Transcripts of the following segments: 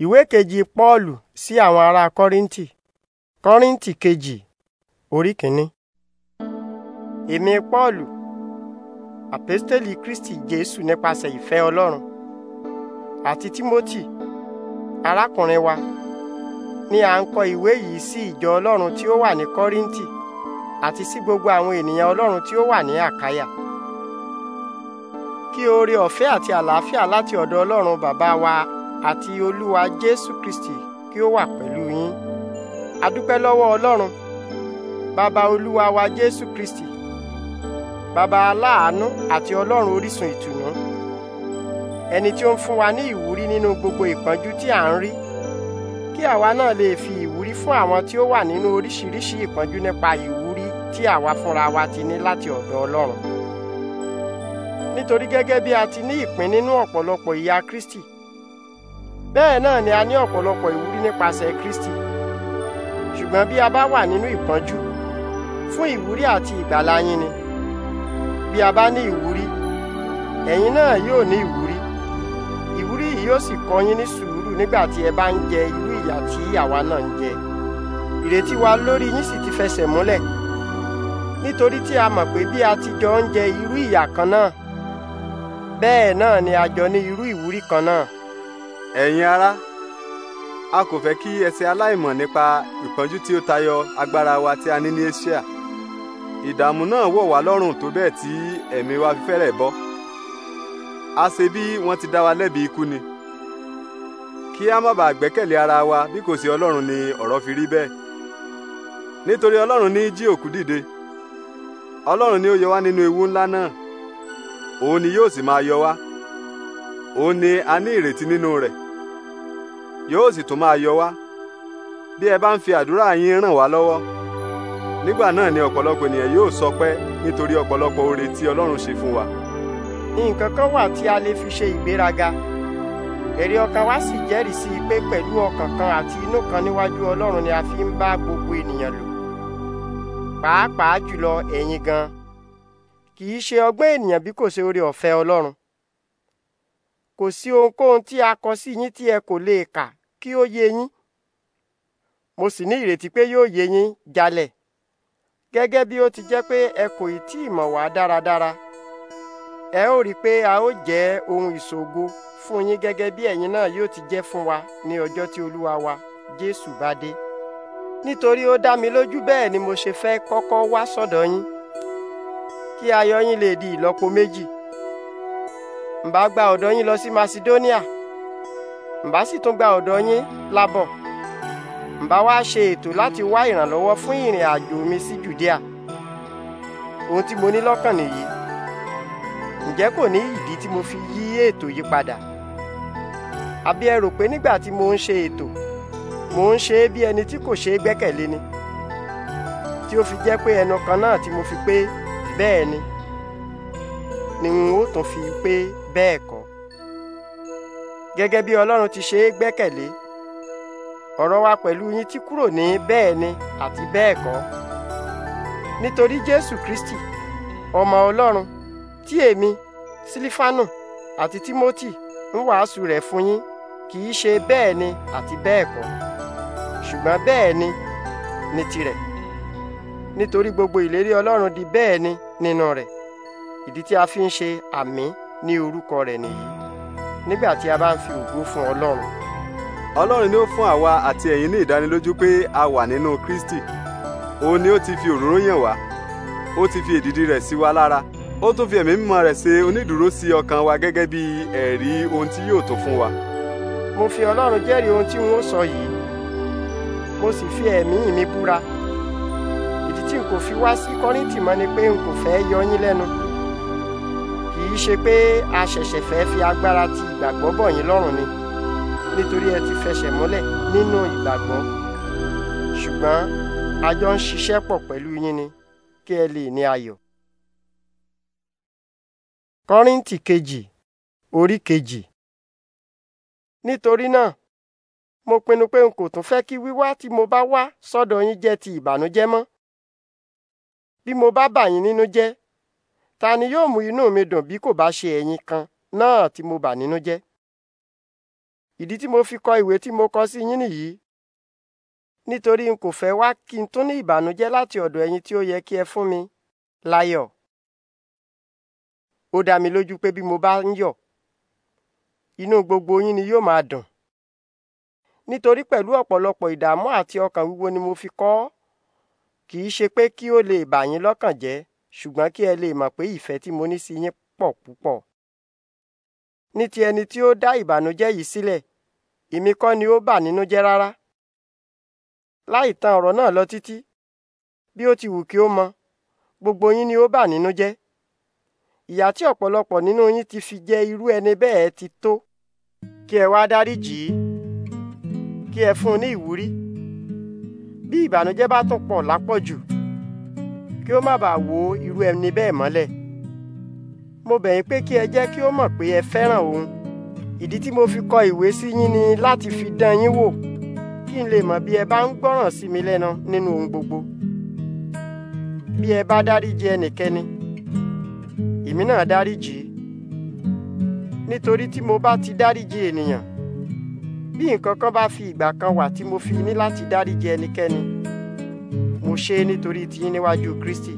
ìwé kejì pọ́ọ̀lù sí àwọn ará kọ́ríńtì kọ́ríńtì kejì orí kìíní. èmi pọ́ọ̀lù àpẹ́sítẹ́lì kristi jésù nípasẹ̀ ìfẹ́ ọlọ́run àti tímótì arákùnrin wa ni à ń kọ ìwé yìí sí ìjọ ọlọ́run tí ó wà ní kọ́ríńtì àti sí gbogbo àwọn ènìyàn ọlọ́run tí ó wà ní àkáyà kí oore ọ̀fẹ́ àti àlàáfíà láti ọ̀dọ̀ ọlọ́run bàbá wa àti olúwa jésù kristi kí ó wà pẹ̀lú yín a lọ́wọ́ ọlọ́run bàbá olúwa wa jésù kristi bàbá aláàánú àti ọlọ́run orísun ìtùnú ẹni tí ó ń fún wa ní ìwúrí nínú gbogbo ìpọ́njú tí à ń rí kí àwa náà lè fi ìwúrí fún àwọn tí ó wà nínú oríṣiríṣi ìpọ́njú nípa ìwúrí tí àwa fúnra wa ti ní láti ọ̀dọ̀ ọlọ́run nítorí gẹ́gẹ́ bí a ti ní ìpín nínú ọ̀pọ̀lọpọ̀ ìyà kristi bẹ́ẹ̀ náà ni a ní ọ̀pọ̀lọpọ̀ ìwúrí nípasẹ̀ Kristi ṣùgbọ́n bí a bá wà nínú ìpọ́njú fún ìwúrí àti ìgbàlà yín ni bí a bá ní ìwúrí ẹ̀yin náà yóò ní ìwúrí ìwúrí yìí yóò sì kọ́ yín ní sùúrù nígbà tí ẹ bá ń jẹ irú ìyà tí àwa náà ń jẹ ìrètí wa lórí yín sì ti fẹsẹ̀ múlẹ̀ nítorí tí a mọ̀ pé bí a ti jọ ń jẹ irú ìyà kan náà bẹ́ẹ̀ náà ni a jọ ní irú ìwúrí kan náà ẹ̀yin ará a kò fẹ́ kí ẹ ṣe aláìmọ̀ nípa ìpọ́njú tí ó tayọ agbára wa tí a ní ní Asia ìdààmú náà wọ̀ wá lọ́rùn tó bẹ́ẹ̀ tí ẹ̀mí wa fi fẹ́rẹ̀ bọ́ a ṣe bí wọ́n ti dá wa lẹ́bi ikú ni kí a má bàa gbẹ́kẹ̀lé ara wa bí kò sí Ọlọ́run ni ọ̀rọ̀ fi rí bẹ́ẹ̀ nítorí Ọlọ́run ní jí òkú dìde Ọlọ́run ni ó yọ wá nínú ewu ńlá náà òun ni yóò sì máa yọ wá òun ni a ní ìrètí nínú rẹ̀ yóò sì tún máa yọ wá bí ẹ bá ń fi àdúrà yín ràn wá lọ́wọ́ nígbà náà ni ọ̀pọ̀lọpọ̀ ènìyàn yóò sọpẹ́ nítorí ọ̀pọ̀lọpọ̀ oore tí Ọlọ́run ṣe fún wa. nǹkan kan wà tí a lè fi ṣe ìgbéraga èrè ọkàn wa sì jẹ́rìí sí i pé pẹ̀lú ọkàn kan àti inú kan níwájú Ọlọ́run ni a fi ń bá gbogbo ènìyàn lò pàápàá jùlọ ẹ̀yin gan kì í ṣe ọgbọ́n ènìyàn bí kò ṣe oore ọ̀fẹ́ Ọlọ́run kò sí ohunkóhun tí a kọ sí yín tí ẹ kò lè kà kí ó yé yín mo sì ní ìrètí pé yóò yé yín jalẹ. gẹgẹ bí ó ti jẹ pé ẹ kò ì tí ì mọ̀ wá dáradára ẹ ó rí i pé a ó jẹ ohun ìṣògo fún yín gẹgẹ bí ẹ̀yin náà yóò ti jẹ fún wa ní ọjọ tí olúwa wa Jésù bá dé nítorí ó dá mi lójú bẹ́ẹ̀ ni mo ṣe fẹ́ kọ́kọ́ wá sọ́dọ̀ yín kí ayọ̀ yín lè di ìlọ́po méjì. Mba gba ọdọ yin lọ sí Macedonia ǹbá sì tún gba ọ̀dọ̀ yín lábọ̀ Mba wa ṣe ètò láti wá ìrànlọ́wọ́ fún ìrìn àjò mi sí Judea ohun tí mo ní lọ́kàn nìyí ǹjẹ́ kò ní ìdí tí mo fi yí ètò yí padà àbí ẹ rò pé nígbà tí mo ń ṣe ètò mo ń ṣe é bí ẹni tí kò ṣe é gbẹ́kẹ̀lé ni tí ó fi jẹ́ pé ẹnu kan náà tí mo fi pé bẹ́ẹ̀ ni ni n ó tún fi pé bẹ́ẹ̀ kọ́ gẹ́gẹ́ bí Ọlọ́run ti ṣe é gbẹ́kẹ̀lé ọ̀rọ̀ wa pẹ̀lú yín ti kúrò ní bẹ́ẹ̀ ni àti bẹ́ẹ̀ kọ́ nítorí Jésù Kristi ọmọ Ọlọ́run tí èmi Sílífánù àti Tímótì ń wàásù rẹ̀ fún yín kì í ṣe bẹ́ẹ̀ ni àti bẹ́ẹ̀ kọ́ ṣùgbọ́n bẹ́ẹ̀ ni ní tirẹ̀ nítorí gbogbo ìlérí Ọlọ́run di bẹ́ẹ̀ ni nínú rẹ̀ ìdí tí a fi ń ṣe àmín ní orúkọ rẹ̀ nìyí nígbà tí a bá ń fi ògo fún Ọlọ́run. Ọlọ́run ni ó fún àwa àti ẹ̀yin ní ìdánilójú pé a wà nínú Kristi òun ni ó ti fi òróró yàn wá ó ti fi èdìdì rẹ̀ sí wa lára ó tún fi ẹ̀mí mímọ́ rẹ̀ ṣe onídùúró sí ọkàn wa gẹ́gẹ́ bí ẹ̀rí ohun tí yóò tó fún wa. mo fi Ọlọ́run jẹ́rìí ohun tí wọ́n sọ yìí mo sì fi ẹ̀mí mi búra ìdí tí n kò fi wá sí Kọ́ríńtì mọ́ ni pé n kò fẹ́ yọ yín lẹ́nu í ṣe pé a ṣẹ̀ṣẹ̀ fẹ́ fi agbára ti ìgbàgbọ́ bọ̀ yín lọ́rùn ni nítorí ẹ ti fẹsẹ̀ múlẹ̀ nínú ìgbàgbọ́ ṣùgbọ́n a jọ ń ṣiṣẹ́ pọ̀ pẹ̀lú yín ni kí ẹ lè ní ayọ̀. kọ́ríntì kejì orí kejì nítorí náà mo pinnu pé n kò tún fẹ́ kí wíwá tí mo bá wá sọ́dọ̀ yín jẹ́ ti ìbànújẹ́ mọ́ bí mo bá bà yín nínú jẹ́ ta ni yóò mú inú mi dùn bí kò bá ṣe ẹ̀yin kan náà tí mo bà nínú jẹ́ ìdí tí mo fi kọ ìwé tí mo kọ sí yín nìyí nítorí n kò fẹ́ wá kí n tún ní ìbànújẹ́ láti ọ̀dọ̀ ẹ̀yin tí ó yẹ kí ẹ fún mi láyọ̀ ó dá mi lójú pé bí mo bá ń yọ̀ inú gbogbo yín ni yóò máa dùn nítorí pẹ̀lú ọ̀pọ̀lọpọ̀ ìdààmú àti ọkàn wíwo ni mo fi kọ ọ́ kì í ṣe pé kí ó lè bà yín lọ́kàn jẹ́ ṣùgbọ́n kí ẹ lè mọ̀ pé ìfẹ́ tí mo ní sí yín pọ̀ púpọ̀. ní ti ẹni tí ó dá ìbànújẹ́ yìí sílẹ̀ èmi kọ́ ni ó bà nínú jẹ́ rárá. láì tan ọ̀rọ̀ náà lọ títí bí ó ti wù kí ó mọ gbogbo yín ni ó bà nínú jẹ́. ìyà tí ọ̀pọ̀lọpọ̀ nínú yín ti fi jẹ irú ẹni bẹ́ẹ̀ ti tó kí ẹ wá dáríjì í kí ẹ fún un ní ìwúrí bí ìbànújẹ́ bá tún pọ̀ lápọ̀jù kí ó má bàa wo irú ẹni bẹ́ẹ̀ mọ́lẹ̀ mo bẹ̀ yín pé kí ẹ jẹ́ kí ó mọ̀ pé ẹ fẹ́ràn òun ìdí tí mo fi kọ ìwé sí yín ni láti fi dán yín wò kí n lè mọ̀ bí ẹ bá ń gbọ́ràn sí mi lẹ́nu nínú ohun gbogbo bí ẹ bá dáríjì ẹnikẹ́ni èmi náà dáríjì nítorí tí mo bá ti dáríjì ènìyàn bí nǹkan kan bá fi ìgbà kan wà tí mo fi ní láti dáríjì ẹnikẹ́ni mo ṣe nítorí tiyín níwájú Kristi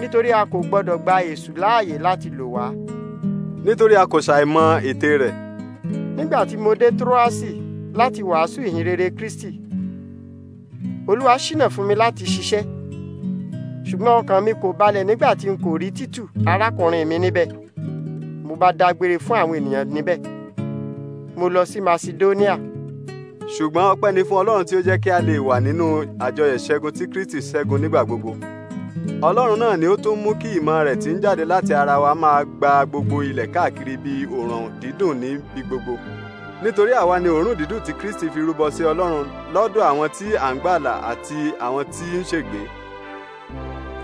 nítorí a kò gbọdọ̀ gba èṣù láàyè láti lò wá. nítorí a kò ṣàìmọ̀ ète rẹ̀. nígbà tí mo dé Troasi láti wàásù ìyìn rere Kristi Olúwa ṣínà fún mi láti ṣiṣẹ́ ṣùgbọ́n ọkàn mi kò balẹ̀ nígbà tí n kò rí Títù arákùnrin mi níbẹ̀ mo bá dágbére fún àwọn ènìyàn níbẹ̀ mo lọ sí Macedonia ṣùgbọ́n ọpẹ́ ni fún ọlọ́run tí ó jẹ́ kí a lè wà nínú àjọyọ̀ ṣẹ́gun tí kristi ṣẹ́gun nígbà gbogbo ọlọ́run náà ni ó tún mú kí ìmọ̀ rẹ̀ tí ń jáde láti ara wa máa gba gbogbo ilẹ̀ káàkiri bí òòrùn dídùn níbi gbogbo nítorí àwa ni òórùn dídùn tí kristi fi rúbọ sí ọlọ́run lọ́dọ̀ àwọn tí à ń gbàlà àti àwọn tí ń ṣègbé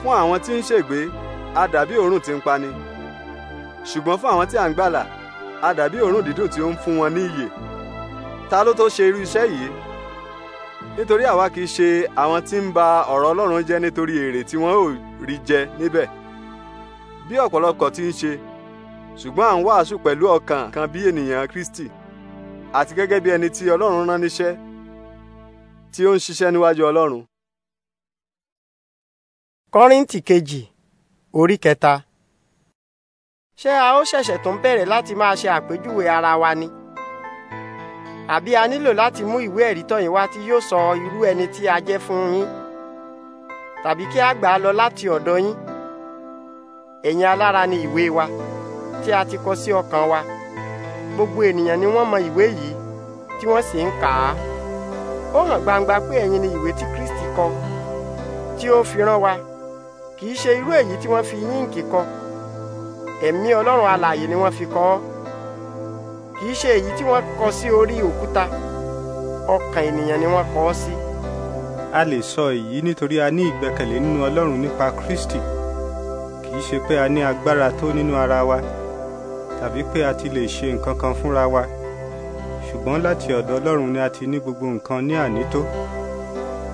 fún àwọn tí ń ṣègbé a dàbí òórùn tí ń pani ṣùgbọ́n fún àwọn tí à ń gbàlà a dàbí òórùn dídùn tí ó ń fún wọn ní ìyè ta ló tó ṣe irú iṣẹ́ yìí nítorí àwa kì í ṣe àwọn tí ń ba ọ̀rọ̀ Ọlọ́run jẹ́ nítorí èrè tí wọ́n ò rí jẹ níbẹ̀ bí ọ̀pọ̀lọpọ̀ ti ń ṣe ṣùgbọ́n à ń wàásù pẹ̀lú ọkàn kan bí ènìyàn Kristi àti gẹ́gẹ́ bí ẹni tí Ọlọ́run rán níṣẹ́ tí ó ń ṣiṣẹ́ níwájú Ọlọ́run. Kọ́ríńtì kejì orí kẹta. Ṣé a ó ṣẹ̀ṣẹ̀ tún bẹ̀rẹ̀ láti máa ṣe àpèjúwe ara wa ni? àbí a nílò láti mú ìwé ẹ̀rí tọ̀ yín wá tí yóò sọ irú ẹni tí a jẹ́ fún yín tàbí kí a gbà á lọ láti ọ̀dọ̀ yín ẹ̀yin alára ni ìwé wa tí a ti kọ sí ọkàn wa gbogbo ènìyàn ni wọ́n mọ ìwé yìí tí wọ́n sì ń kà á ó hàn gbangba pé ẹ̀yin ni ìwé tí Kristi kọ tí ó fi rán wa kì í ṣe irú èyí tí wọ́n fi yíǹkì kọ ẹ̀mí Ọlọ́run alààyè ni wọ́n fi kọ ọ́ kì í ṣe èyí tí wọ́n kọ sí orí òkúta ọkàn ènìyàn ni wọ́n kọ ọ́ sí. a lè sọ èyí nítorí a ní ìgbẹ́kẹ̀lé nínú Ọlọ́run nípa Kristi kì í ṣe pé a ní agbára tó nínú ara wa tàbí pé a ti lè ṣe nǹkan kan fúnra wa ṣùgbọ́n láti ọ̀dọ̀ Ọlọ́run ni a ti ní gbogbo nǹkan ní ànító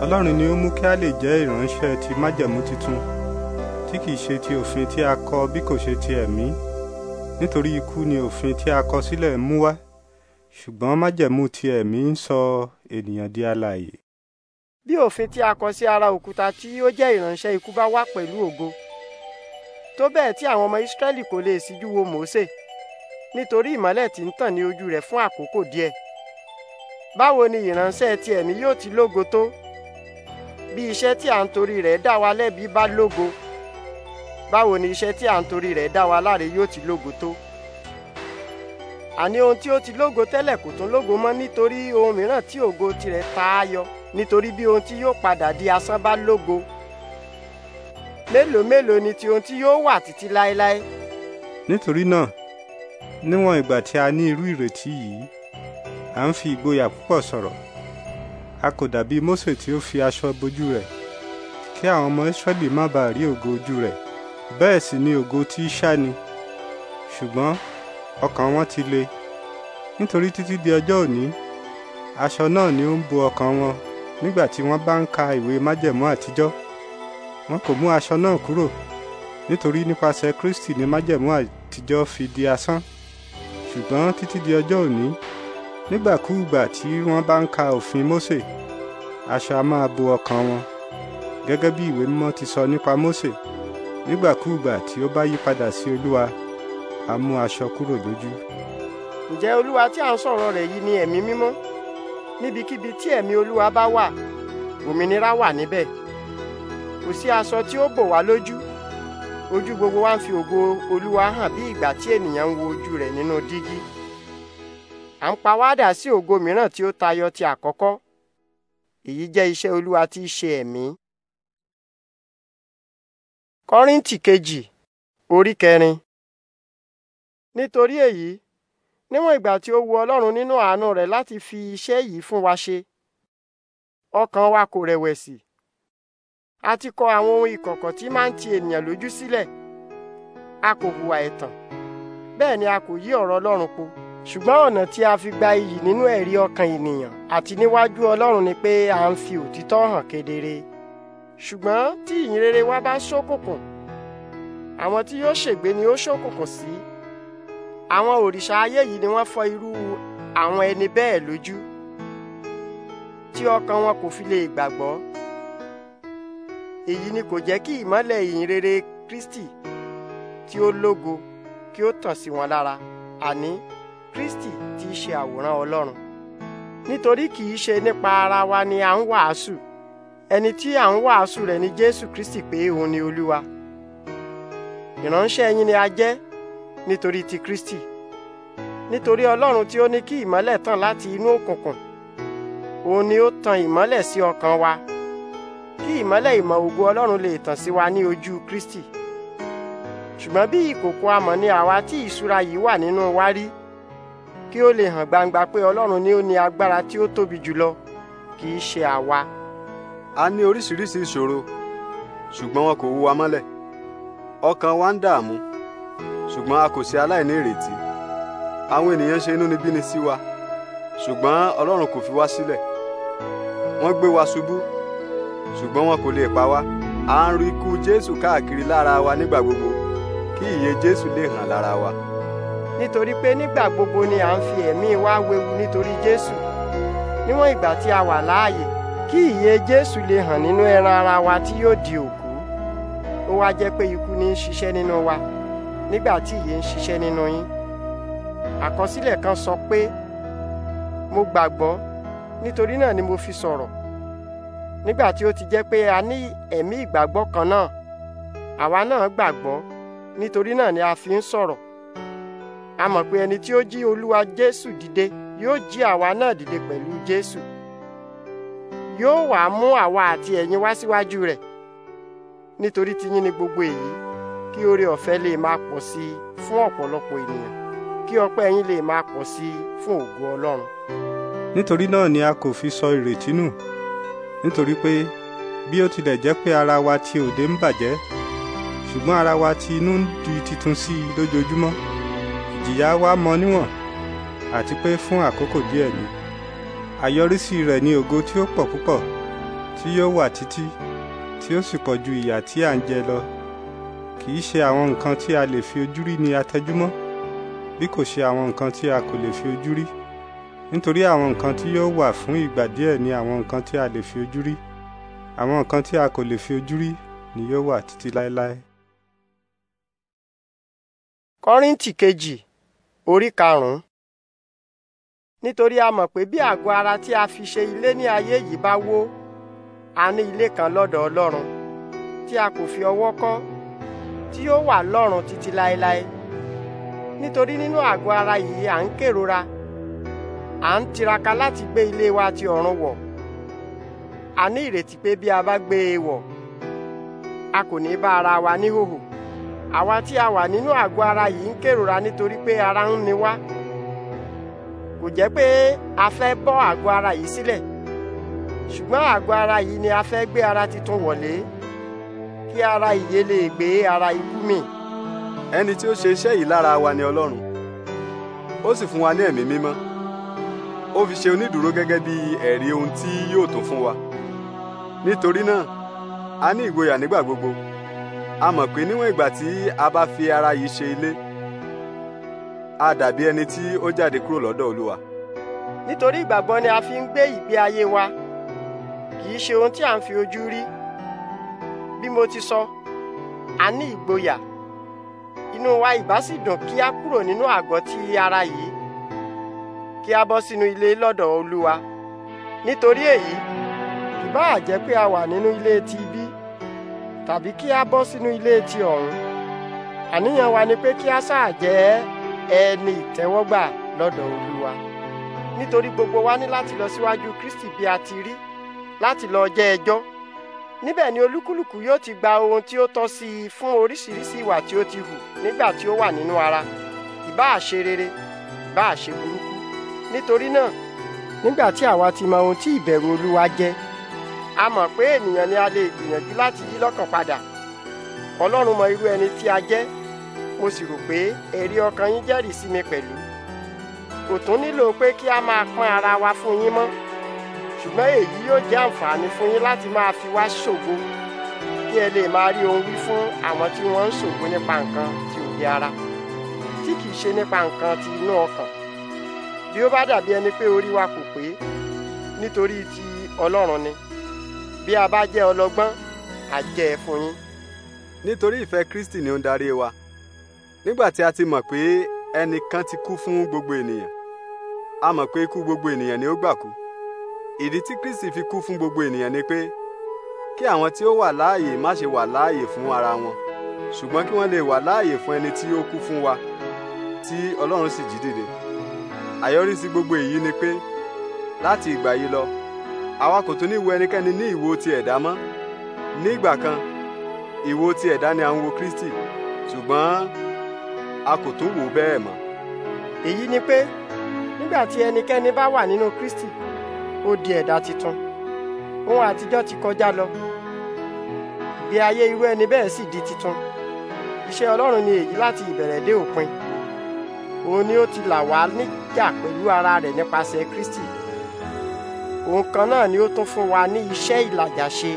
Ọlọ́run ni ó mú kí a lè jẹ́ ìránṣẹ́ ti májẹ̀mú tuntun tí kì í ṣe ti òfin tí a kọ bí kò ṣe ti ẹ̀mí. E nítorí ikú ni òfin tí a kọ sílẹ̀ mú wá ṣùgbọ́n májẹ̀mú ti ẹ̀mí ń sọ ènìyàn di alààyè. bí òfin tí a kọ sí ara òkúta tí ó jẹ́ ìránṣẹ́ ikú bá wá pẹ̀lú ògo tó bẹ́ẹ̀ tí àwọn ọmọ Ísírẹ́lì kò lè síjú wo Mósè nítorí ìmọ́lẹ̀ tí ń tàn ní ojú rẹ̀ fún àkókò díẹ̀ báwo ni ìránṣẹ́ ti ẹ̀mí yóò ti lógo tó bí iṣẹ́ tí à ń torí rẹ̀ dá wa lẹ́bi bá lógo báwo ni iṣẹ́ tí à ń torí rẹ̀ dá wa láre yóò ti lógo tó àní ohun tí ó ti lógo tẹ́lẹ̀ kò tún lógo mọ́ nítorí ohun mìíràn tí ògo tirẹ̀ tayọ nítorí bí ohun tí yóò padà di asán bá lógo mélòó mélòó ni ti ohun tí yóò wà títí láéláé. nítorí náà níwọ̀n ìgbà tí a ní irú ìrètí yìí à ń fi ìgboyà púpọ̀ sọ̀rọ̀ a kò dàbí Mósè tí ó fi aṣọ bojú rẹ̀ kí àwọn ọmọ Ísírẹ́lì má bàa rí ògo ojú rẹ̀ bẹ́ẹ̀ sì ni ògo ti ṣá ni ṣùgbọ́n ọkàn wọn ti le nítorí títí di ọjọ́ òní aṣọ náà ni ó ń bo ọkàn wọn nígbà tí wọ́n bá ń ka ìwé májẹ̀mú àtijọ́ wọn kò mú aṣọ náà kúrò nítorí nípasẹ̀ Kristi ni májẹ̀mú àtijọ́ fi di asán ṣùgbọ́n títí di ọjọ́ òní nígbàkúùgbà tí wọ́n bá ń ka òfin Mósè aṣọ a máa bo ọkàn wọn gẹ́gẹ́ bí ìwé mímọ́ ti sọ nípa Mósè nígbàkúùgbà tí ó bá yí padà sí olúwa a mú aṣọ kúrò lójú. ǹjẹ́ olúwa tí à ń sọ̀rọ̀ rẹ̀ yìí ni ẹ̀mí mímọ́ níbikíbi tí ẹ̀mí olúwa bá wà òmìnira wà níbẹ̀ kò sí aṣọ tí ó bò wá lójú ojú gbogbo wa ń fi ògo olúwa hàn bí ìgbà tí ènìyàn ń wo ojú rẹ̀ nínú dígí à ń pa wá dà sí ògo mìíràn tí ó tayọ ti àkọ́kọ́ èyí jẹ́ iṣẹ́ olúwa tí í ṣe ẹ̀mí kọ́ríntì kejì orí kẹrin. nítorí èyí níwọ̀n ìgbà tí ó wu ọlọ́run nínú àánú rẹ̀ láti fi iṣẹ́ yìí fún wa ṣe ọkàn wa kò rẹ̀wẹ̀sì a ti kọ àwọn ohun ìkọ̀kọ̀ tí máa ń ti ènìyàn lójú sílẹ̀ a kò hùwà ẹ̀tàn bẹ́ẹ̀ ni a kò yí ọ̀rọ̀ ọlọ́run po ṣùgbọ́n ọ̀nà tí a fi gba iyì nínú ẹ̀rí ọkàn ènìyàn àti níwájú ọlọ́run ni pé a ń fi òtítọ́ hàn kedere ṣùgbọ́n tí ìyìn rere wa bá ṣókùnkùn àwọn tí yóò ṣègbé ni ó ṣókùnkùn sí àwọn òrìṣà ayé yìí ni wọ́n fọ́ irú àwọn ẹni bẹ́ẹ̀ lójú tí ọkàn wọn kò fi lè gbàgbọ́ èyí ni kò jẹ́ kí ìmọ́lẹ̀ ìyìn rere Kristi tí ó lógo kí ó tàn sí wọn lára àní Kristi tí ṣe àwòrán Ọlọ́run nítorí kì í ṣe nípa ara wa ni à ń wàásù ẹni tí à ń wàásù rẹ̀ ni Jésù Kristi pé òun ni Olúwa ìránṣẹ́ yín ni a jẹ́ nítorí ti Kristi nítorí Ọlọ́run tí ó ní kí ìmọ́lẹ̀ tàn láti inú òkùnkùn òun ni ó tan ìmọ́lẹ̀ sí ọkàn wa kí ìmọ́lẹ̀ ìmọ̀ ògo Ọlọ́run lè tàn sí wa ní ojú Kristi ṣùgbọ́n bí ìkòkò amọ̀ ni àwa tí ìṣúra yìí wà nínú wa rí kí ó lè hàn gbangba pé Ọlọ́run ni ó ní agbára tí ó tóbi jùlọ kì í ṣe àwa a ní oríṣiríṣi ìṣòro ṣùgbọ́n wọn kò wú wa mọ́lẹ̀ ọkàn wa ń dààmú ṣùgbọ́n a kò ṣe aláìní ìrètí àwọn ènìyàn ṣe inúnibíni sí wa ṣùgbọ́n Ọlọ́run kò fi wá sílẹ̀ wọ́n gbé wa ṣubú ṣùgbọ́n wọn kò lè pa wá à ń rí ikú Jésù káàkiri lára wa nígbà gbogbo kí ìyè Jésù lè hàn lára wa. nítorí pé nígbà gbogbo ni à ń fi ẹ̀mí wa wewu nítorí Jésù níwọ̀n ìgbà tí a wà láàyè kí ìyè Jésù lè hàn nínú ẹran ara wa tí yóò di òkú ó wá jẹ́ pé ikú ní í ṣiṣẹ́ nínú wa nígbà tí ìyè ń ṣiṣẹ́ nínú yín àkọsílẹ̀ kan sọ pé mo gbàgbọ́ nítorí náà ni mo fi sọ̀rọ̀ nígbà tí ó ti jẹ́ pé a ní ẹ̀mí ìgbàgbọ́ kan náà àwa náà gbàgbọ́ nítorí náà ni a fi ń sọ̀rọ̀ a mọ̀ pé ẹni tí ó jí Olúwa Jésù dìde yóò jí àwa náà dìde pẹ̀lú Jésù yóò wá mú àwa àti ẹ̀yin wá síwájú rẹ̀ nítorí tiyín ni gbogbo èyí kí oore ọ̀fẹ́ lè máa pọ̀ sí i fún ọ̀pọ̀lọpọ̀ ènìyàn kí ọpẹ́ yín lè máa pọ̀ sí i fún ògo Ọlọ́run. nítorí náà ni a kò fi sọ ìrètí nù nítorí pé bí ó tilẹ̀ jẹ́ pé ara wa ti òde ń bàjẹ́ ṣùgbọ́n ara wa ti inú ń di titun sí i lójoojúmọ́ ìjìyà wa mọ níwọ̀n àti pé fún àkókò díẹ̀ ni àyọrísí rẹ̀ ni ògo tí ó pọ̀ púpọ̀ tí yóò wà títí tí ó sì pọ̀ ju ìyà tí à ń jẹ lọ kì í ṣe àwọn nǹkan tí a lè fi ojú rí ni a tẹjúmọ́ bí kò ṣe àwọn nǹkan tí a kò lè fi ojú rí nítorí àwọn nǹkan tí yóò wà fún ìgbà díẹ̀ ni àwọn nǹkan tí a lè fi ojú rí àwọn nǹkan tí a kò lè fi ojú rí ni yóò wà títí láéláé. kọ́ríntì kejì orí karùn-ún nítorí a mọ̀ pé bí àgọ́ ara tí a fi ṣe ilé ní ayé yìí bá wó a ní ilé kan lọ́dọ̀ Ọlọ́run tí a kò fi ọwọ́ kọ́ tí ó wà lọ́run títí láéláé nítorí nínú àgọ́ ara yìí à ń kérora à ń tiraka láti gbé ilé wa ti ọ̀run wọ̀ a ní ìrètí pé bí a bá gbé e wọ̀ a kò ní bá ara wa níhòhò àwa tí a wà nínú àgọ́ ara yìí ń kérora nítorí pé ara ń ni wá kò jẹ́ pé a fẹ́ bọ́ àgọ́ ara yìí sílẹ̀ ṣùgbọ́n àgọ́ ara yìí ni a fẹ́ gbé ara titun wọ̀lé kí ara ìyè lè gbé ara ikú mì. ẹni tí ó ṣe iṣẹ́ yìí lára wa ni Ọlọ́run ó sì fún wa ní ẹ̀mí mímọ́ ó fi ṣe onídùúró gẹ́gẹ́ bí ẹ̀rí ohun tí yóò tún fún wa nítorí náà a ní ìgboyà nígbà gbogbo a mọ̀ pé níwọ̀n ìgbà tí a bá fi ara yìí ṣe ilé a dàbí ẹni tí ó jáde kúrò lọ́dọ̀ olúwa. nítorí ìgbàgbọ́ ni a fi ń gbé ìgbé ayé wa kì í ṣe ohun tí à ń fi ojú rí bí mo ti sọ a ní ìgboyà inú wa ìbá sì dùn kí a kúrò nínú àgọ́ ti ara yìí kí a bọ́ sínú ilé lọ́dọ̀ olúwa nítorí èyí ìbá àjẹ́ pé a wà nínú ilé ti ibí tàbí kí a bọ́ sínú ilé ti ọ̀run àníyàn wa ni pé kí a sáà jẹ́ ẹ́ ẹni ìtẹ́wọ́gbà lọ́dọ̀ olúwa nítorí gbogbo wa ní láti lọ síwájú kristi bí a ti rí láti lọ jẹ́ ẹjọ́ níbẹ̀ ni olúkúlùkù yóò ti gba ohun tí ó tọ́ sí i fún oríṣiríṣi ìwà tí ó ti hù nígbà tí ó wà nínú ara ìbáà ṣe rere ìbáà ṣe burúkú nítorí náà nígbà tí àwa ti mọ ohun tí ìbẹ̀rù olúwa jẹ́ a mọ̀ pé ènìyàn ni a lè gbìyànjú láti yí lọ́kàn padà ọlọ́run mọ irú ẹni tí a jẹ́ mo sì rò pé ẹ̀rí ọkàn yín jẹ́rìí sí mi pẹ̀lú kò tún nílò pé kí a máa pọ́n ara wa fún yín mọ́ ṣùgbọ́n èyí yóò jẹ́ àǹfààní fún yín láti máa fi wá ṣògo kí ẹ lè máa rí ohun wí fún àwọn tí wọ́n ń ṣògo nípa nǹkan tí òde ara tí kìí ṣe nípa nǹkan ti inú ọkàn bí ó bá dàbí ẹni pé orí wa kò pé nítorí ti Ọlọ́run ni bí a bá jẹ́ ọlọ́gbọ́n a jẹ́ ẹ fún yín. nítorí ìfẹ́ Kristi ni ó ń darí wa nígbà tí a ti mọ̀ pé ẹnìkan ti kú fún gbogbo ènìyàn a mọ̀ pé ikú gbogbo ènìyàn ni ó gbà kú ìdí tí Kristi fi kú fún gbogbo ènìyàn ni pé kí àwọn tí ó wà láàyè má ṣe wà láàyè fún ara wọn ṣùgbọ́n kí wọ́n lè wà láàyè fún ẹni tí ó kú fún wa tí Ọlọ́run sì jí dìde àyọrísí gbogbo èyí ni pé láti ìgbà yìí lọ àwa kò tún ní wo ẹnikẹ́ni ní ìwo ti ẹ̀dá mọ́ nígbà kan ìwo ti ẹ̀dá ni à ń wo Kristi ṣùgbọ́n a kò tún wò bẹ́ẹ̀ mọ́. èyí ni pé nígbà tí ẹnikẹ́ni bá wà nínú Kristi ó di ẹ̀dá tuntun ohun àtijọ́ ti kọjá lọ ìgbé ayé irú ẹni bẹ́ẹ̀ sì di tuntun iṣẹ́ Ọlọ́run ni èyí láti ìbẹ̀rẹ̀ dé òpin òun ni ó ti là wá níjà pẹ̀lú ara rẹ̀ nípasẹ̀ Kristi òun kan náà ni ó tún fún wa ní iṣẹ́ ìlàjà ṣe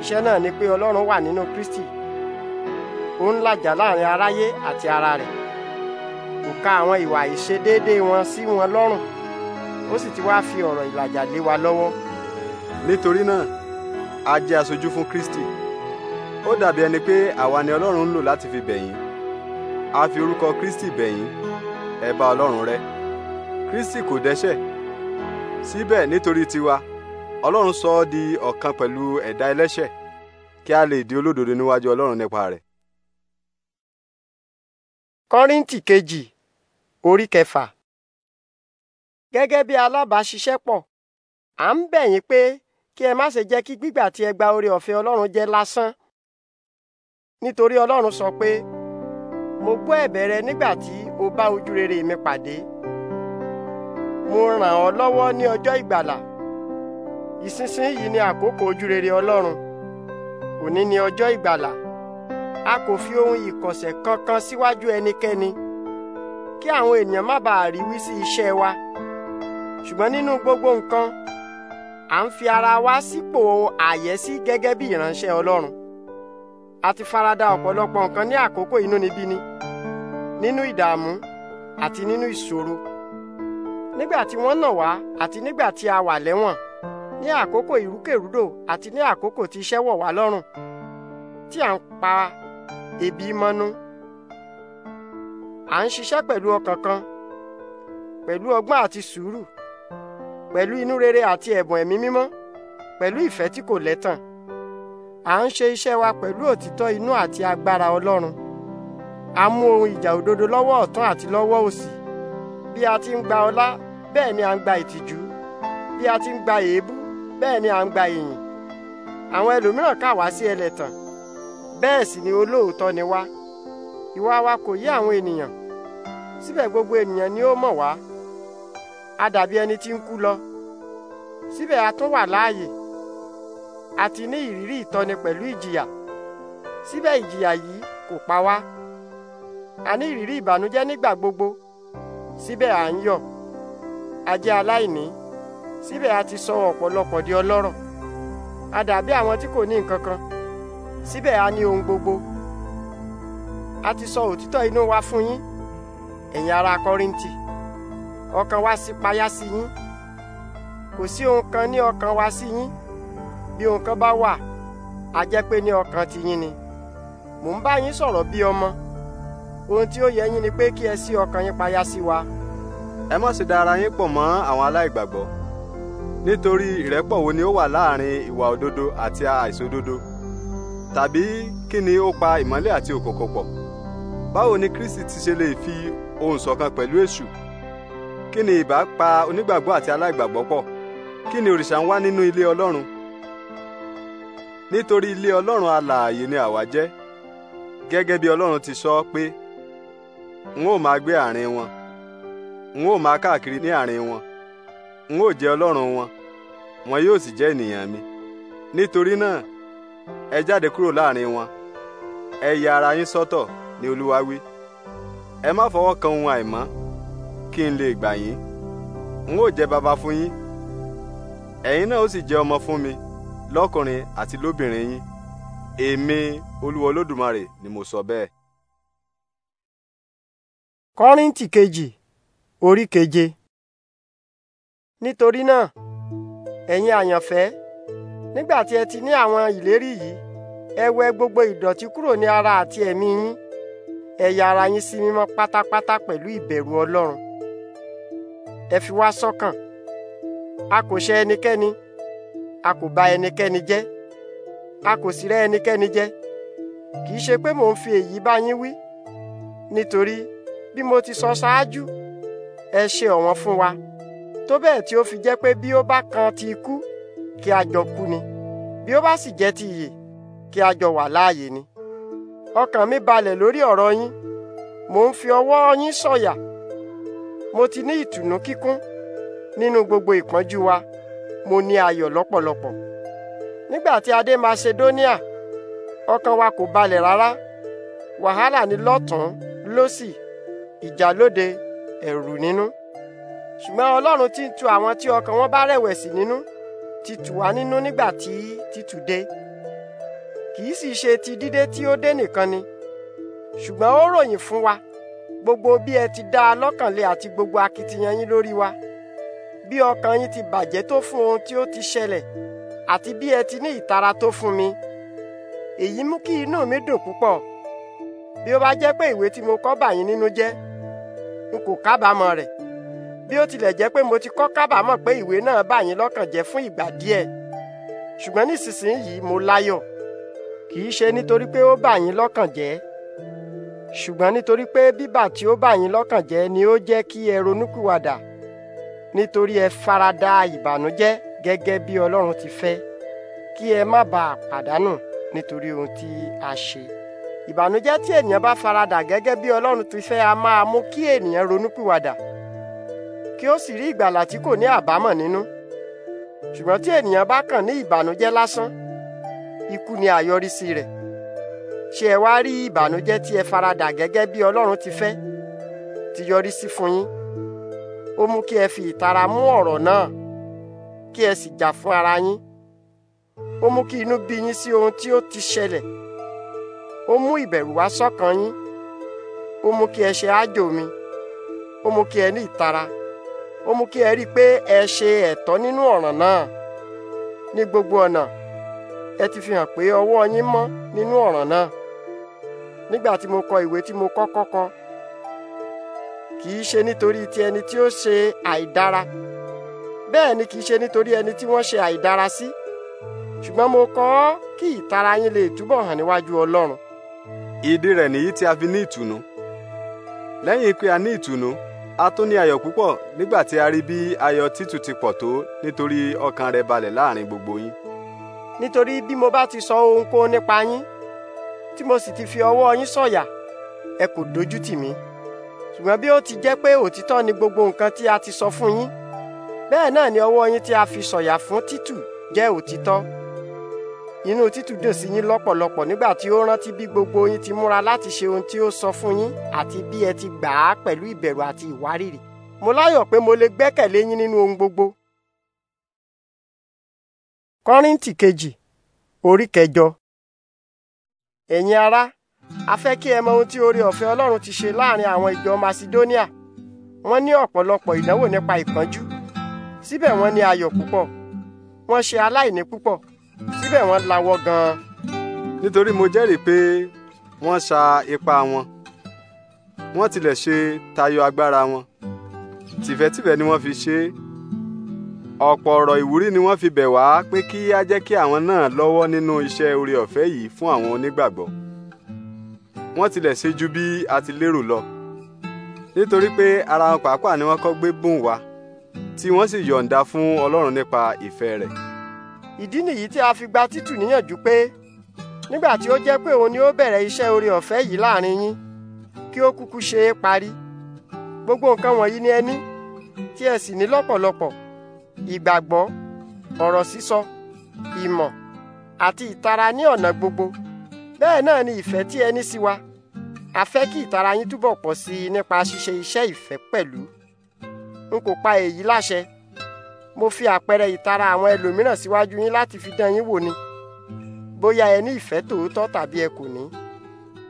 iṣẹ́ náà ni pé Ọlọ́run wà nínú Kristi ó ń làjà láàrin aráyé àti ara rẹ̀ kò ka àwọn ìwà ìṣedéédé wọn sí wọn lọ́rùn ó sì ti wá fi ọ̀rọ̀ ìlàjà lé wa lọ́wọ́. nítorí náà a jẹ́ aṣojú fún Kristi ó dàbí ẹni pé àwa ni Ọlọ́run ń lò láti fi bẹ̀yín a fi orúkọ Kristi bẹ̀yín ẹ bá Ọlọ́run rẹ́ Kristi kò dẹ́ṣẹ̀ síbẹ̀ nítorí tiwa Ọlọ́run sọ ọ́ di ọ̀kan pẹ̀lú ẹ̀dá ẹlẹ́ṣẹ̀ kí a lè di olódodo níwájú Ọlọ́run nípa rẹ̀ kọ́ríntì kejì orí kẹfà. gẹ́gẹ́ bí alábàáṣiṣẹ́pọ̀ à ń bẹ̀ yín pé kí ẹ má ṣe jẹ́ kí gbígbà tí ẹ gba oore ọ̀fẹ́ ọlọ́run jẹ́ lásán nítorí ọlọ́run sọ pé mo gbọ́ ẹ̀bẹ̀ rẹ nígbà tí o bá ojú rere mi pàdé mo ràn ọ́ lọ́wọ́ ní ọjọ́ ìgbàlà ìsinsìnyí ni àkókò ojú rere ọlọ́run òní ni ọjọ́ ìgbàlà a kò fi ohun ìkọ̀sẹ̀ kankan síwájú ẹnikẹ́ni kí àwọn ènìyàn má bàa rí wí sí iṣẹ́ wa ṣùgbọ́n nínú gbogbo nǹkan à ń fi ara wa sípò àyẹ́sí gẹ́gẹ́ bí ìránṣẹ́ Ọlọ́run a ti farada ọ̀pọ̀lọpọ̀ nǹkan ní àkókò inúnibíni nínú ìdààmú àti nínú ìṣòro nígbà tí wọ́n nà wá àti nígbà tí a wà lẹ́wọ̀n ní àkókò ìrúkèrúdò àti ní àkókò tí iṣẹ́ wọ̀ wá lọ́rùn tí à ń pa ebi mọ́nú à ń ṣiṣẹ́ pẹ̀lú ọkàn kan pẹ̀lú ọgbọ́n àti sùúrù pẹ̀lú inú rere àti ẹ̀bùn ẹ̀mí mímọ́ pẹ̀lú ìfẹ́ tí kò lẹ́tàn à ń ṣe iṣẹ́ wa pẹ̀lú òtítọ́ inú àti agbára Ọlọ́run a mú ohun ìjà òdodo lọ́wọ́ ọ̀tún àti lọ́wọ́ òsì bí a ti ń gba ọlá bẹ́ẹ̀ ni à ń gba ìtìjú bí a ti ń gba èébú bẹ́ẹ̀ ni à ń gba ìyìn àwọn ẹlòmíràn kà wá sí ẹlẹ́tàn bẹ́ẹ̀ sì ni olóòótọ́ ni wá ìwà wa kò yé àwọn ènìyàn síbẹ̀ gbogbo ènìyàn ni ó mọ̀ wá a dàbí ẹni tí ń kú lọ síbẹ̀ a tún wà láàyè a ti ní ìrírí ìtọ́ni pẹ̀lú ìjìyà síbẹ̀ ìjìyà yìí kò pa wá a ní ìrírí ìbànújẹ́ nígbà gbogbo síbẹ̀ à ń yọ̀ a jẹ́ aláìní síbẹ̀ a ti sọ ọ̀pọ̀lọpọ̀ di ọlọ́rọ̀ a dàbí àwọn tí kò ní nǹkan kan síbẹ̀ a ní ohun gbogbo a ti sọ òtítọ́ inú wa fún yín ẹ̀yin ará Kọ́ríńtì ọkàn wa sì payá sí yín kò sí ohun kan ní ọkàn wa sí yín bí ohun kan bá wà a jẹ́ pé ní ọkàn ti yín ni mò ń bá yín sọ̀rọ̀ bí ọmọ ohun tí ó yẹ yín ni pé kí ẹ sí ọkàn yín payá sí wa. ẹ má ṣe da yín pọ̀ mọ́ àwọn aláìgbàgbọ́ nítorí ìrẹ́pọ̀ wo ni ó wà láàrin ìwà òdodo àti àìṣòdodo tàbí kí ni ó pa ìmọ́lẹ̀ àti òkùnkùn pọ̀ báwo ni Kristi ti ṣe lè fi ohùn ṣọ̀kan pẹ̀lú èṣù kí ni ìbá pa onígbàgbọ́ àti aláìgbàgbọ́ pọ̀ kí ni òrìṣà ń wá nínú ilé Ọlọ́run nítorí ilé Ọlọ́run alààyè ni àwa jẹ́ gẹ́gẹ́ bí Ọlọ́run ti sọ pé n ó máa gbé àárín wọn n ó máa káàkiri ní àárín wọn n ó jẹ́ Ọlọ́run wọn wọn yóò sì jẹ́ ènìyàn mi nítorí náà ẹ jáde kúrò láàrin wọn ẹ yà ara yín sọ́tọ̀ ni olúwa wí ẹ má fọwọ́ kan ohun àìmọ́ kí n lè gbà yín n ó jẹ́ baba fún yín ẹ̀yin náà ó sì jẹ́ ọmọ fún mi lọ́kùnrin àti lóbìnrin yín èmi olúwa olódùmarè ni mo sọ bẹ́ẹ̀. kọ́ríntì kejì orí keje nítorí náà ẹ̀yin àyànfẹ́ nígbà tí ẹ ti ní àwọn ìlérí yìí ẹ wẹ gbogbo ìdọ̀tí kúrò ní ara àti ẹ̀mí yín ẹ ara yín sí mímọ́ pátápátá pẹ̀lú ìbẹ̀rù Ọlọ́run ẹ fi wá sọ́kàn a kò ṣe ẹnikẹ́ni a kò bà ẹnikẹ́ni jẹ́ a kò sì rẹ́ ẹnikẹ́ni jẹ kì í ṣe pé mò ń fi èyí bá yín wí nítorí bí mo ti sọ ṣáájú ẹ ṣe ọ̀wọ́n fún wa tó bẹ́ẹ̀ tí ó fi jẹ́ pé bí ó bá kan ti ikú kí a jọ kú ni bí ó bá sì jẹ́ ti ìyè kí a jọ wà láàyè ni ọkàn mi balẹ̀ lórí ọ̀rọ̀ yín mò ń fi ọwọ́ yín sọ̀yà mo ti ní ìtùnú kíkún nínú gbogbo ìpọ́njú wa mo ní ayọ̀ lọ́pọ̀lọpọ̀ nígbà tí a Macedonia ọkàn wa kò balẹ̀ rárá wàhálà ni lọ́tún lọ́sì ìjà lóde ẹ̀rù nínú ṣùgbọ́n Ọlọ́run ti ń tu àwọn tí ọkàn wọn bá rẹ̀wẹ̀sì nínú ti tù wá nínú nígbà tí títù dé kì í sì ṣe ti dídé tí ó dé nìkan ni ṣùgbọ́n ó ròyìn fún wa gbogbo bí ẹ ti dá a lọ́kàn lé àti gbogbo akitiyan yín lórí wa bí ọkàn yín ti bàjẹ́ tó fún ohun tí ó ti ṣẹlẹ̀ àti bí ẹ ti ní ìtara tó fún mi èyí mú kí inú mi dùn púpọ̀ bí ó bá jẹ́ pé ìwé tí mo kọ bà nínú jẹ́ n kò kábàámọ̀ rẹ̀ bí ó tilẹ̀ jẹ́ pé mo ti kọ́ kábàámọ̀ pé ìwé náà bà yín lọ́kàn jẹ́ fún ìgbà díẹ̀ ṣùgbọ́n nísinsìnyí mo láyọ̀ kì í ṣe nítorí pé ó bà yín lọ́kàn jẹ́ ṣùgbọ́n nítorí pé bíbà tí ó bà yín lọ́kàn jẹ́ ni ó jẹ́ kí ẹ ronúpìwàdà nítorí ẹ farada ìbànújẹ́ gẹ́gẹ́ bí Ọlọ́run ti fẹ́ kí ẹ má bàa pàdánù nítorí ohun tí a ṣe ìbànújẹ́ tí ènìyàn bá farada gẹ́gẹ́ bí Ọlọ́run ti fẹ́ a máa mú kí ènìyàn ronúpìwàdà kí ó sì rí ìgbàlà tí kò ní àbámọ̀ nínú ṣùgbọ́n tí ènìyàn bá kàn ní ìbànújẹ́ lásán ikú ni àyọrísí rẹ̀ ṣé ẹ wá rí ìbànújẹ́ tí ẹ faradà gẹ́gẹ́ bí Ọlọ́run ti fẹ́ ti yọrí sí fún yín ó mú kí ẹ fi ìtara mú ọ̀rọ̀ náà kí ẹ sì jà fún ara yín ó mú kí inú bí yín sí ohun tí ó ti ṣẹlẹ̀ ó mú ìbẹ̀rù wá sọ́kàn yín ó mú kí ẹ ṣe ájò mi ó mú kí ẹ ní ìtara. ó mú kí ẹ rí i pé ẹ ṣe ẹ̀tọ́ nínú ọ̀ràn náà ní gbogbo ọ̀nà ẹ ti fi hàn pé ọwọ́ yín mọ́ nínú ọ̀ràn náà nígbà tí mo kọ ìwé tí mo kọ́kọ́ kì í ṣe nítorí ti ẹni tí ó ṣe àìdára bẹ́ẹ̀ ni kì í ṣe nítorí ẹni tí wọ́n ṣe àìdára sí ṣùgbọ́n mo kọ́ ọ́ kí ìtara yín lè túbọ̀ hàn níwájú Ọlọ́run. ìdí rẹ̀ nìyí tí a fi ní ìtùnú lẹ́yìn pé a ní ìtùnú a tún ní ayọ̀ púpọ̀ nígbà tí a rí bí ayọ̀ títù ti pọ̀ tó nítorí ọkàn rẹ̀ balẹ̀ láàrin gbogbo yín. nítorí bí mo bá ti sọ ohunkóhun nípa yín tí mo sì ti fi ọwọ́ yín sọ̀yà ẹ kò dojú tì mí ṣùgbọ́n bí ó ti jẹ́ pé òtítọ́ ni gbogbo nǹkan tí a ti sọ fún yín bẹ́ẹ̀ náà ni ọwọ́ yín tí a fi sọ̀yà fún títù jẹ́ òtítọ́ inú títù dùn sí yín lọ́pọ̀lọpọ̀ nígbà tí ó rántí bí gbogbo yín ti múra láti ṣe ohun tí ó sọ fún yín àti bí ẹ ti gbà á pẹ̀lú ìbẹ̀rù àti ìwárìrì mo láyọ̀ pé mo lè gbẹ́kẹ̀lé yín nínú ohun gbogbo. kọ́ríntì kejì orí kẹjọ ẹ̀yin ará a fẹ́ kí ẹ mọ ohun tí oore ọ̀fẹ́ ọlọ́run ti ṣe láàrin àwọn ìjọ macedonia wọ́n ní ọ̀pọ̀lọpọ̀ ìdánwò nípa ìpọ́njú síbẹ̀ wọ́n ní ayọ̀ púpọ̀ wọ́n ṣe aláìní púpọ̀ síbẹ̀ wọ́n lawọ́ gan-an nítorí mo jẹ́rìí pé wọ́n sa ipá wọn wọ́n tilẹ̀ ṣe tayọ agbára wọn tìfẹ́tìfẹ́ ni wọ́n fi ṣe é ọ̀pọ̀ ọ̀rọ̀ ìwúrí ni wọ́n fi bẹ̀ wá pé kí á jẹ́ kí àwọn náà lọ́wọ́ nínú iṣẹ́ oore ọ̀fẹ́ yìí fún àwọn onígbàgbọ́ wọ́n tilẹ̀ ṣe ju bí a ti lérò lọ nítorí pé ara wọn pàápàá ni wọ́n kọ́ gbé bùn wá tí wọ́n sì yọ̀ǹda fún Ọlọ́run nípa ìfẹ́ rẹ̀ ìdí nìyí tí a fi gba Títù níyànjú pé nígbà tí ó jẹ́ pé òun ni ó bẹ̀rẹ̀ iṣẹ́ oore ọ̀fẹ́ yìí láàrin yín kí ó kúkú ṣe é parí gbogbo nǹkan wọ̀nyí ni ẹ ní tí ẹ sì ní lọ́pọ̀lọpọ̀ ìgbàgbọ́ ọ̀rọ̀ sísọ ìmọ̀ àti ìtara ní ọ̀nà gbogbo bẹ́ẹ̀ náà ni ìfẹ́ tí ẹ ní sí a fẹ́ kí ìtara yín túbọ̀ pọ̀ sí i nípa ṣíṣe iṣẹ́ ìfẹ́ pẹ̀lú n kò pa èyí láṣẹ mo fi àpẹẹrẹ ìtara àwọn ẹlòmíràn síwájú yín láti fi dán yín wò ni bóyá ẹ ní ìfẹ́ tòótọ́ tàbí ẹ kò ní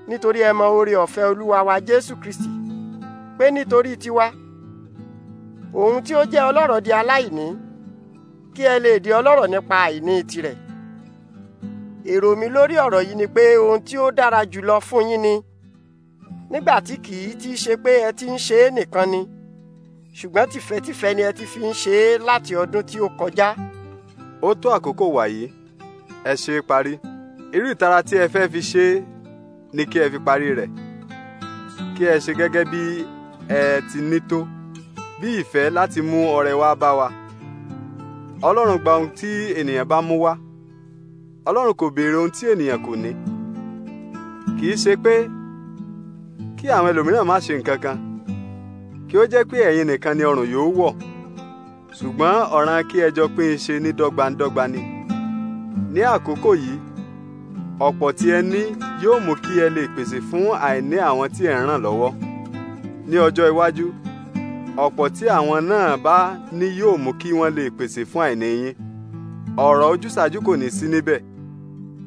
nítorí ẹ mọ oore ọ̀fẹ́ olúwa wa jésù kristi pé nítorí tiwa òun tí ó jẹ́ ọlọ́rọ̀ di aláìní kí ẹ lè di ọlọ́rọ̀ nípa àìní tirẹ̀ èrò mi lórí ọ̀rọ̀ yìí ni pé ohun tí ó dára jùlọ fún yín ni nígbà tí kì í ti ṣe pé ẹ ti ń ṣe é nìkan ni ṣùgbọ́n tìfẹ́tìfẹ́ ni ẹ ti fi ń ṣe é láti ọdún tí ó kọjá. ó tó àkókò wàyí ẹ ṣe parí irú ìtara tí ẹ fẹ́ fi ṣe é ni kí ẹ fi parí rẹ̀ kí ẹ ṣe gẹ́gẹ́ bí ẹ ti ní tó bí ìfẹ́ láti mú ọrẹ wá bá wa ọlọ́run gba ohun tí ènìyàn bá mú wá ọlọ́run kò béèrè ohun tí ènìyàn kò ní kì í ṣe pé kí àwọn ẹlòmíràn má ṣe nǹkan kan kí ó jẹ́ pé ẹ̀yin nìkan ni ọrùn yóò wọ̀ ṣùgbọ́n ọ̀ràn kí ẹ jọ pín in ṣe ní dọ́gbandọ́gba ni ní àkókò yìí ọ̀pọ̀ tí ẹ ní yóò mú kí ẹ lè pèsè fún àìní àwọn tí ẹ ń ràn lọ́wọ́ ní ọjọ́ iwájú ọ̀pọ̀ tí àwọn náà bá ní yóò mú kí wọ́n lè pèsè fún àìní yín ọ̀rọ̀ ojúsàájú kò ní sí níbẹ̀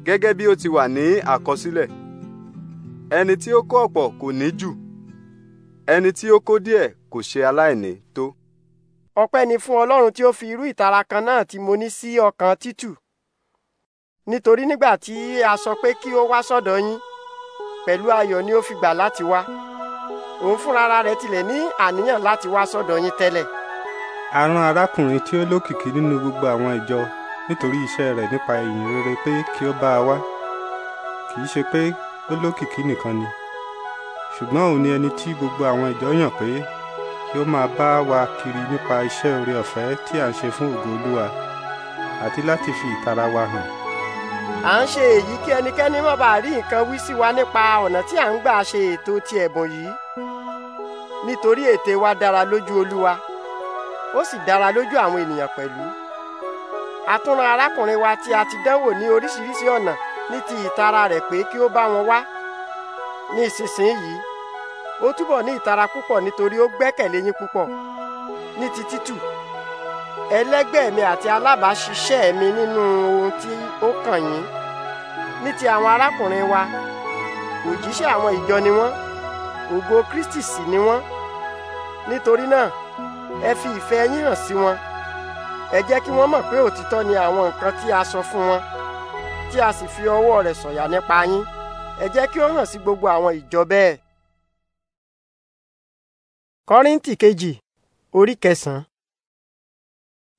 gẹ́gẹ́ bí ó ti wà ní àkọsílẹ̀ ẹni tí ó kó ọ̀pọ̀ kò ní jù ẹni tí ó kó díẹ̀ kò ṣe aláìní tó. ọpẹ́ ni fún ọlọ́run tí ó fi irú ìtara kan náà tí mo ní sí ọkàn títù nítorí nígbà tí a sọ pé kí ó wá sọ́dọ̀ yín pẹ̀lú ayọ̀ ni ó fi gbà láti wá òun fúnra rẹ̀ tilẹ̀ ní àníyàn láti wá sọ́dọ̀ yín tẹ́lẹ̀. a rán arákùnrin tí ó lókìkí nínú gbogbo àwọn ìjọ nítorí iṣẹ́ rẹ̀ nípa ìyìn rere pé kí ó bá a wá kì í ṣe pé ó lókìkí nìkan ni ṣùgbọ́n òun ni ẹni tí gbogbo àwọn ìjọ yàn pé kí ó máa bá wa kiri nípa iṣẹ́ oore ọ̀fẹ́ tí à ń ṣe fún ògo Olúwa àti láti fi ìtara wa hàn. à ń ṣe èyí kí ẹnikẹ́ni má bàa rí nǹkan wí sí wa nípa ọ̀nà tí à ń gbà ṣe ètò ti ẹ̀bùn yìí nítorí ète wa dára lójú Olúwa ó sì dára lójú àwọn ènìyàn pẹ̀lú a arákùnrin wa tí a ti dánwò ní oríṣiríṣi ọ̀nà ní ti ìtara rẹ̀ pé kí ó bá wọn wá ní ìsinsìnyí ó túbọ̀ ní ìtara púpọ̀ nítorí ó gbẹ́kẹ̀lé yín púpọ̀ ní ti títù ẹlẹ́gbẹ́ mi àti alábàáṣiṣẹ́ mi nínú ohun tí ó kàn yín ní ti àwọn arákùnrin wa òjíṣẹ́ àwọn ìjọ ni wọ́n ògo Kristi sì ni wọ́n nítorí náà ẹ fi ìfẹ́ yín hàn sí wọn ẹ jẹ́ kí wọ́n mọ̀ pé òtítọ́ ni àwọn nǹkan tí a sọ fún wọn tí a sì fi ọwọ́ rẹ̀ sọ̀yà nípa yín ẹ jẹ́ kí ó hàn sí gbogbo àwọn ìjọ bẹ́ẹ̀ kọ́ríntì kejì orí kẹsàn-án.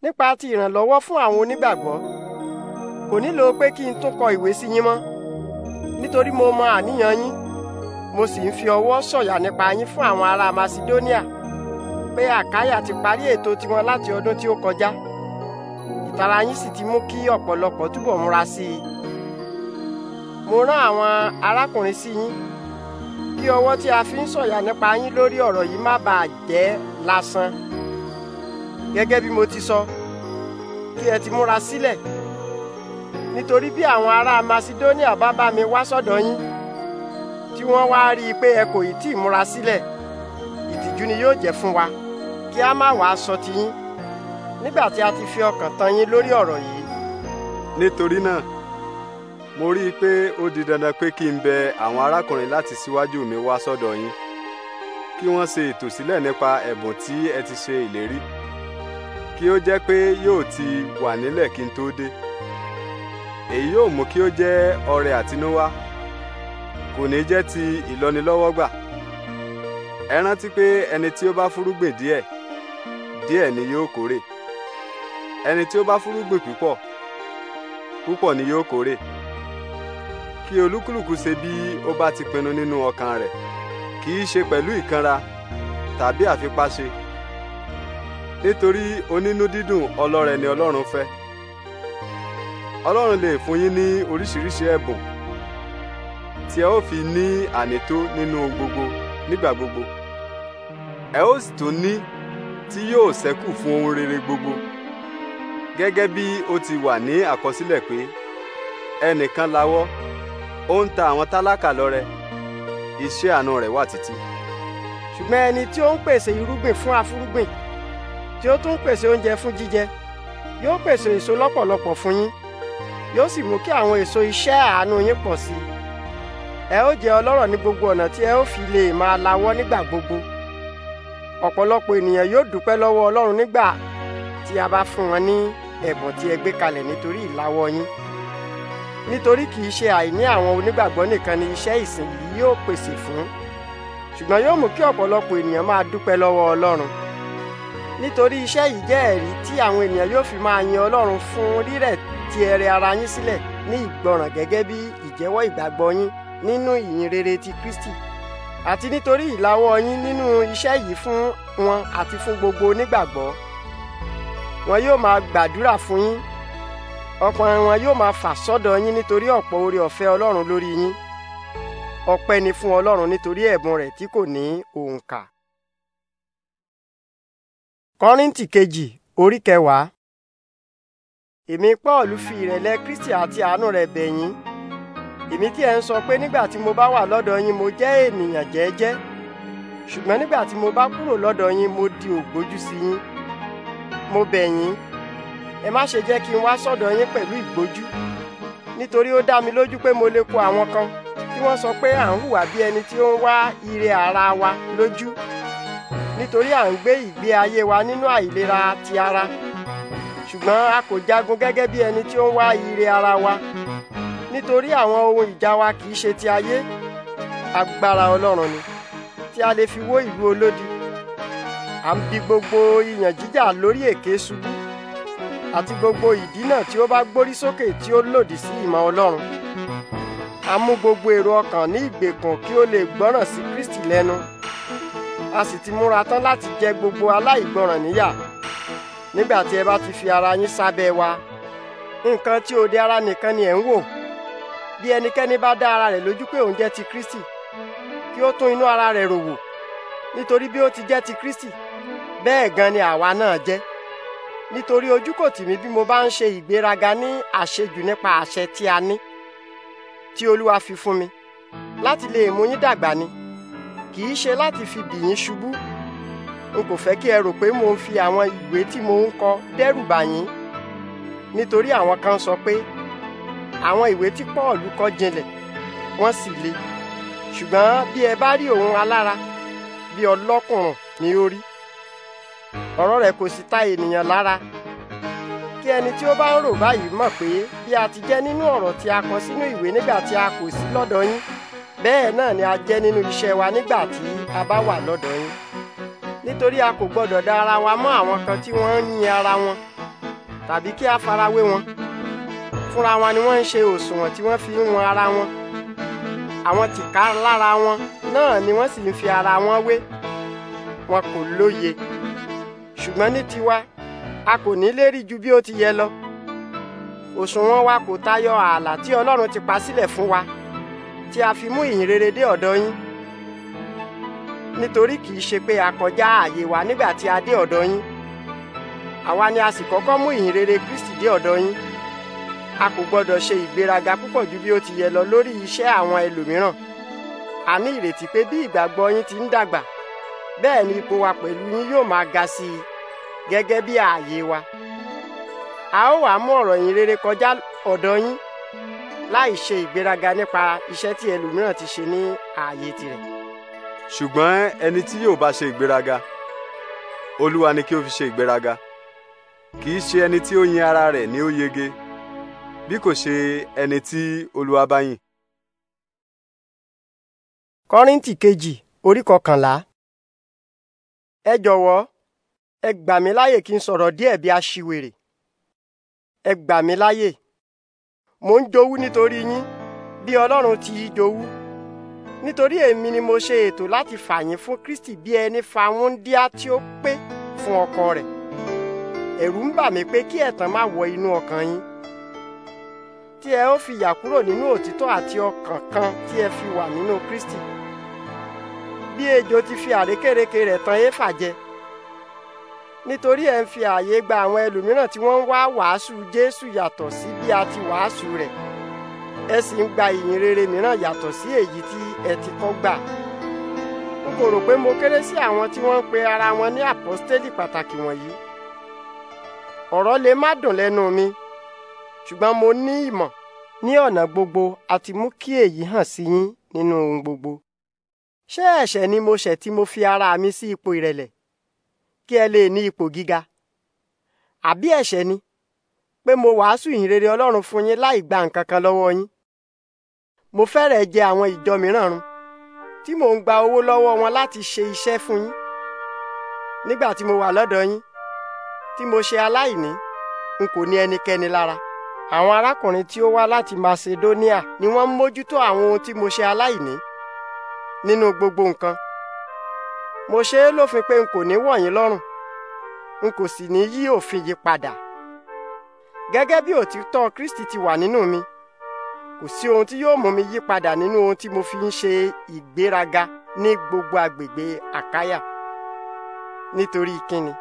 nípa ti ìrànlọ́wọ́ fún àwọn onígbàgbọ́ kò nílò pé kí n tún kọ ìwé sí yín mọ́ nítorí mo mọ àníyàn yín mo sì ń fi ọwọ́ sọ̀yà nípa yín fún àwọn ará Masidóníà pé Àkáyà ti parí ètò tiwọn láti ọdún tí ó kọjá ìtara yín sì ti mú kí ọ̀pọ̀lọpọ̀ túbọ̀ múra sí i mo rán àwọn arákùnrin sí yín kí ọwọ́ tí a fi ń sọ̀yà nípa yín lórí ọ̀rọ̀ yìí má bàa jẹ́ lásán gẹ́gẹ́ bí mo ti sọ kí ẹ ti múra sílẹ̀ nítorí bí àwọn ará Macedonia bá bá mi wá sọ́dọ̀ yín tí wọ́n wá rí i pé ẹ kò ì tí ì múra sílẹ̀ ìtìjú ni yóò jẹ́ fún wa kí a má wàá sọ ti yín nígbà tí a ti fi ọkàn tán yín lórí ọ̀rọ̀ yìí. nítorí náà mo rí i pé ó di dandan pé kí n bẹ àwọn arákùnrin láti síwájú mi wá sọ́dọ̀ yín kí wọ́n ṣe ètò sílẹ̀ nípa ẹ̀bùn tí ẹ ti ṣe ìlérí kí ó jẹ́ pé yóò ti wà nílẹ̀ kí n tó dé èyí yóò mú kí ó jẹ́ ọrẹ àtinúwá kò ní jẹ́ ti ìlọ́nilọ́wọ́gbà ẹ rántí pé ẹni tí ó bá fúrúgbìn díẹ̀ díẹ̀ ni yóò kórè ẹni tí ó bá fúrúgbìn púpọ̀ púpọ̀ ni yóò kórè kí olúkúlùkù ṣe bí ó bá ti pinnu nínú ọkàn rẹ̀ kì í ṣe pẹ̀lú ìkanra tàbí àfipáṣe nítorí onínú dídùn ọlọ́rẹ ni ọlọ́run fẹ́ ọlọ́run lè fún yín ní oríṣiríṣi ẹ̀bùn tí ẹ ó fi ní ànító nínú gbogbo nígbà gbogbo ẹ ó sì tún ní tí yóò ṣẹ́kù fún ohun rere gbogbo gẹ́gẹ́ bí ó ti wà ní àkọsílẹ̀ pé ẹnìkan lawọ́ ó ń ta àwọn tálákà lọ́rẹ iṣẹ́ àánú rẹ̀ wà títí. ṣùgbọ́n ẹni tí ó ń pèsè irúgbìn fún afúrúgbìn tí ó tún ń pèsè oúnjẹ fún jíjẹ yóò pèsè èso lọ́pọ̀lọpọ̀ fún yín yóò sì mú kí àwọn èso iṣẹ́ àánú yín pọ̀ sí i ẹ ó jẹ́ ọlọ́rọ̀ ní gbogbo ọ̀nà tí ẹ ó fi lè máa lawọ́ nígbà gbogbo ọ̀pọ̀lọpọ̀ ènìyàn yóò dúpẹ́ lọ́wọ́ ọlọ́run nígbà tí a bá fún wọn ní ẹ̀bùn tí ẹ gbé kalẹ̀ nítorí ìlawọ́ yín nítorí kì í ṣe àìní àwọn onígbàgbọ́ nìkan ni iṣẹ́ ìsìn yìí yóò pèsè fún ṣùgbọ́n yóò mú kí ọ̀pọ̀lọpọ̀ ènìyàn máa dúpẹ́ lọ́wọ́ Ọlọ́run nítorí iṣẹ́ yìí jẹ́ ẹ̀rí tí àwọn ènìyàn yóò fi máa yin Ọlọ́run fún rírẹ̀ ti ẹrẹ ara yín sílẹ̀ ní ìgbọràn gẹ́gẹ́ bí ìjẹ́wọ́ ìgbàgbọ́ yín nínú ìyìn rere ti Kristi àti nítorí ìlawọ́ yín nínú iṣẹ́ yìí fún wọn àti fún gbogbo onígbàgbọ́ wọn yóò máa gbàdúrà fún yín ọkàn wọn yóò máa fà sọ́dọ̀ yín nítorí ọ̀pọ̀ oore ọ̀fẹ́ Ọlọ́run lórí yín ọpẹ́ ni fún Ọlọ́run nítorí ẹ̀bùn rẹ̀ tí kò ní òǹkà. Kọ́ríńtì kejì orí kẹwàá èmi Paul fi ìrẹ̀lẹ̀ Kristi àti àánú rẹ̀ bẹ̀ yín èmi tí ẹ ń sọ pé nígbà tí mo bá wà lọ́dọ̀ yín mo jẹ́ ènìyàn jẹ́ẹ́jẹ́ ṣùgbọ́n nígbà tí mo bá kúrò lọ́dọ̀ yín mo di ògbójú sí yín mo bẹ̀ yín ẹ má ṣe jẹ́ kí n wá sọ́dọ̀ yín pẹ̀lú ìgbójú nítorí ó dá mi lójú pé mo lè kó àwọn kan tí wọ́n sọ pé à ń hùwà bí ẹni tí ó ń wá ire ara wa lójú nítorí à ń gbé ìgbé ayé wa nínú àìlera ti ara ṣùgbọ́n a kò jagun gẹ́gẹ́ bí ẹni tí ó ń wá ire ara wa nítorí àwọn ohun ìjà wa kì í ṣe ti ayé agbára Ọlọ́run ni tí a lè fi wó ìlú olódi à ń bi gbogbo ìyàn jíjà lórí èké ṣubú àti gbogbo ìdínà tí ó bá gbórí sókè tí ó lòdì sí ìmọ̀ Ọlọ́run a mú gbogbo èrò ọkàn ní ìgbèkùn kí ó lè gbọ́ràn sí Kristi lẹ́nu a sì ti múra tán láti jẹ gbogbo aláìgbọ́ràn níyà nígbà tí ẹ bá ti fi ara yín sábẹ́ wa nǹkan tí òde ara nìkan ni ẹ̀ ń wò bí ẹnikẹ́ni bá dá ara rẹ̀ lójú pé òun jẹ́ ti Kristi kí ó tún inú ara rẹ̀ rò wò nítorí bí ó ti jẹ́ ti Kristi bẹ́ẹ̀ gan ni àwa náà jẹ́ nítorí ojú kò tì mí bí mo bá ń ṣe ìgbéraga ní àṣejù nípa àṣẹ tí a ní tí Olúwa fi fún mi láti lè mú yín dàgbà ni kì í ṣe láti fi bì yín ṣubú n kò fẹ́ kí ẹ rò pé mo ń fi àwọn ìwé tí mo ń kọ dẹ́rù bà yín nítorí àwọn kan sọ pé àwọn ìwé tí Paul kọ jinlẹ̀ wọ́n sì le ṣùgbọ́n bí ẹ bá rí òun alára bí ọlọ́kùnrùn ni ó rí ọ̀rọ̀ rẹ̀ kò sì ta ènìyàn lára kí ẹni tí ó bá ń rò báyìí mọ̀ pé bí a ti jẹ́ nínú ọ̀rọ̀ tí a kọ sínú ìwé nígbà tí a kò sí lọ́dọ̀ yín bẹ́ẹ̀ náà ni a jẹ́ nínú iṣẹ́ wa nígbà tí a bá wà lọ́dọ̀ yín nítorí a kò gbọ́dọ̀ da ara wa mọ́ àwọn kan tí wọ́n ń yin ara wọn tàbí kí a farawé wọn fúnra wọn ni wọ́n ń ṣe òṣùwọ̀n tí wọ́n fi ń wọn ara wọn àwọn tìkálára wọn náà ni wọ́n sì ń fi ara wọn wé wọn kò lóye ṣùgbọ́n ní tiwa a kò ní lè rí ju bí ó ti yẹ lọ òṣùwọ̀n wa kò tayọ ààlà tí Ọlọ́run ti pa sílẹ̀ fún wa tí a fi mú ìyìn rere dé ọ̀dọ̀ yín nítorí kì í ṣe pé a kọjá ààyè wa nígbà tí a dé ọ̀dọ̀ yín àwa ni a sì kọ́kọ́ mú ìyìn Kristi dé ọ̀dọ̀ yín a kò gbọ́dọ̀ ṣe ìgbéraga púpọ̀ ju bí ó ti yẹ lọ lórí iṣẹ́ àwọn ẹlòmíràn a ní ìrètí pé bí ìgbàgbọ́ yín ti ń dàgbà bẹ́ẹ̀ ni ipò wa pẹ̀lú yín yóò máa ga sí i gẹ́gẹ́ bí ààyè wa a ó wàá mú ọ̀rọ̀ yín rere kọjá ọ̀dọ̀ yín láì ṣe ìgbéraga nípa iṣẹ́ tí ẹlòmíràn ti ṣe ní ààyè tirẹ̀. ṣùgbọ́n ẹni tí yóò bá ṣe ìgbéraga olúwa ni kí ó fi ṣe ìgbéraga kì í ṣe ẹni tí ó yin ara rẹ̀ ni ó yege bí kò ṣe ẹni tí olúwa bá yìn. kọ́ríntì kejì orí kọkànlá ẹ jọ̀wọ́ ẹ gbà mí láyè kí n sọ̀rọ̀ díẹ̀ bí aṣiwèrè ẹ gbà mí láyè mò ń jowú nítorí yín bí ọlọ́run ti jowú nítorí èmi ni mo ṣe ètò láti fà yín fún Kristi bí ẹni fa wúńdíá tí ó pé fún ọkọ rẹ̀ ẹ̀rù ń bà mí pé kí ẹ̀tàn má wọ inú ọkàn yín tí ẹ ó fi yà kúrò nínú òtítọ́ àti ọkàn kan tí ẹ fi wà nínú Kristi bí ejò ti fi àrékérekè rẹ̀ tan éfà jẹ nítorí ẹ̀ ń fi ààyè gba àwọn ẹlòmíràn tí wọ́n ń wá wàásù Jésù yàtọ̀ sí bí a ti wàásù rẹ̀ ẹ sì ń gba ìyìn rere mìíràn yàtọ̀ sí èyí tí ẹ ti kọ́ gbà n kò rò pé mo kéré sí àwọn tí wọ́n ń pe ara wọn ní àpọ́stélì pàtàkì wọ̀nyí ọ̀rọ̀ lè má dùn lẹ́nu mi ṣùgbọ́n mo ní ìmọ̀ ní ọ̀nà gbogbo àti mú kí èyí hàn sí yín nínú ohun gbogbo ṣé ẹ̀ṣẹ̀ ni mo ṣẹ̀ tí mo fi ara mi sí ipò ìrẹ̀lẹ̀ kí ẹ lè ní ipò gíga àbí ẹ̀ṣẹ̀ ni pé mo wàásù ìhìnrere Ọlọ́run fún yín láì gba nǹkan kan lọ́wọ́ yín mo fẹ́rẹ̀ẹ́ jẹ àwọn ìjọ mìíràn run tí mò ń gba owó lọ́wọ́ wọn láti ṣe iṣẹ́ fún yín nígbà tí mo wà lọ́dọ̀ yín tí mo ṣe aláìní n kò ní ẹnikẹ́ni lára àwọn arákùnrin tí ó wá láti Macedonia ni wọ́n ń mójútó àwọn ohun tí mo ṣe aláìní nínú gbogbo nǹkan mo ṣe é lófin pé n kò ní wọ̀ yín lọ́rùn n kò sì ní yí òfin yìí padà gẹ́gẹ́ bí òtítọ́ Kristi ti wà nínú mi kò sí ohun tí yóò mú mi yí padà nínú ohun tí mo fi ń ṣe ìgbéraga ní gbogbo agbègbè Àkáyà nítorí kíni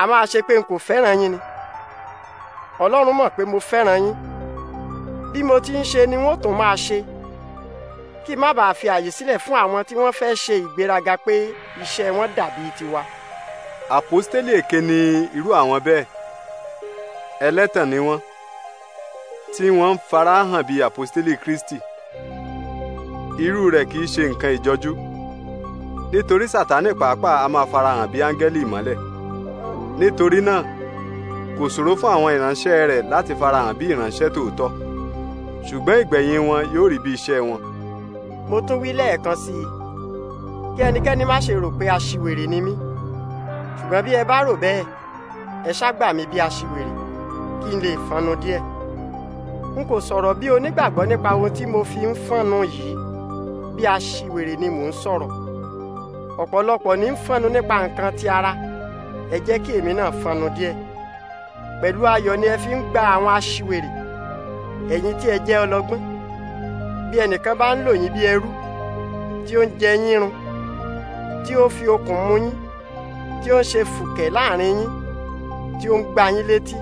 a máa ṣe pé n kò fẹ́ràn yín ni Ọlọ́run mọ̀ pé mo fẹ́ràn yín bí mo ti ń ṣe ni wọ́n tún máa ṣe kí má bàa fi àyè sílẹ̀ fún àwọn tí wọ́n fẹ́ ṣe ìgbéraga pé iṣẹ́ wọn dàbí tiwa. àpòstélì èké ni irú àwọn bẹ́ẹ̀ ẹlẹ́tàn ni wọ́n tí wọ́n ń farahàn bí àpòstélì Kristi irú rẹ̀ kì í ṣe nǹkan ìjọjú nítorí Sátánì pàápàá a máa farahàn bí áńgẹ́lì ìmọ́lẹ̀ nítorí náà kò ṣòro fún àwọn ìránṣẹ́ rẹ̀ láti farahàn bí ìránṣẹ́ tòótọ́ ṣùgbọ́n ìgbẹ̀yìn wọn yóò rí bí iṣẹ́ wọn mo tún wí lẹ́ẹ̀kan sí i kí ẹnikẹ́ni má ṣe rò pé aṣiwèrè ni mí ṣùgbọ́n bí ẹ bá rò bẹ́ẹ̀ ẹ ṣàgbà mí bí aṣiwèrè kí n lè fọnnu díẹ̀ n kò sọ̀rọ̀ bí onígbàgbọ́ nípa ohun tí mo fi ń fọnnu yìí bí aṣiwèrè ni mò ń sọ̀rọ̀ ọ̀pọ̀lọpọ̀ ní ń fọnnu nípa nǹkan ti ara ẹ jẹ́ kí èmi náà fọnnu díẹ̀ pẹ̀lú ayọ̀ ni ẹ fi ń gba àwọn aṣiwèrè ẹ̀yin tí ẹ jẹ́ ọlọ́gbọ́n bí ẹnìkan bá ń lò yín bí ẹrú tí ó ń jẹ yín run tí ó fi okùn mú yín tí ó ń ṣe fùkẹ̀ láàrin yín tí ó ń gbá yín létí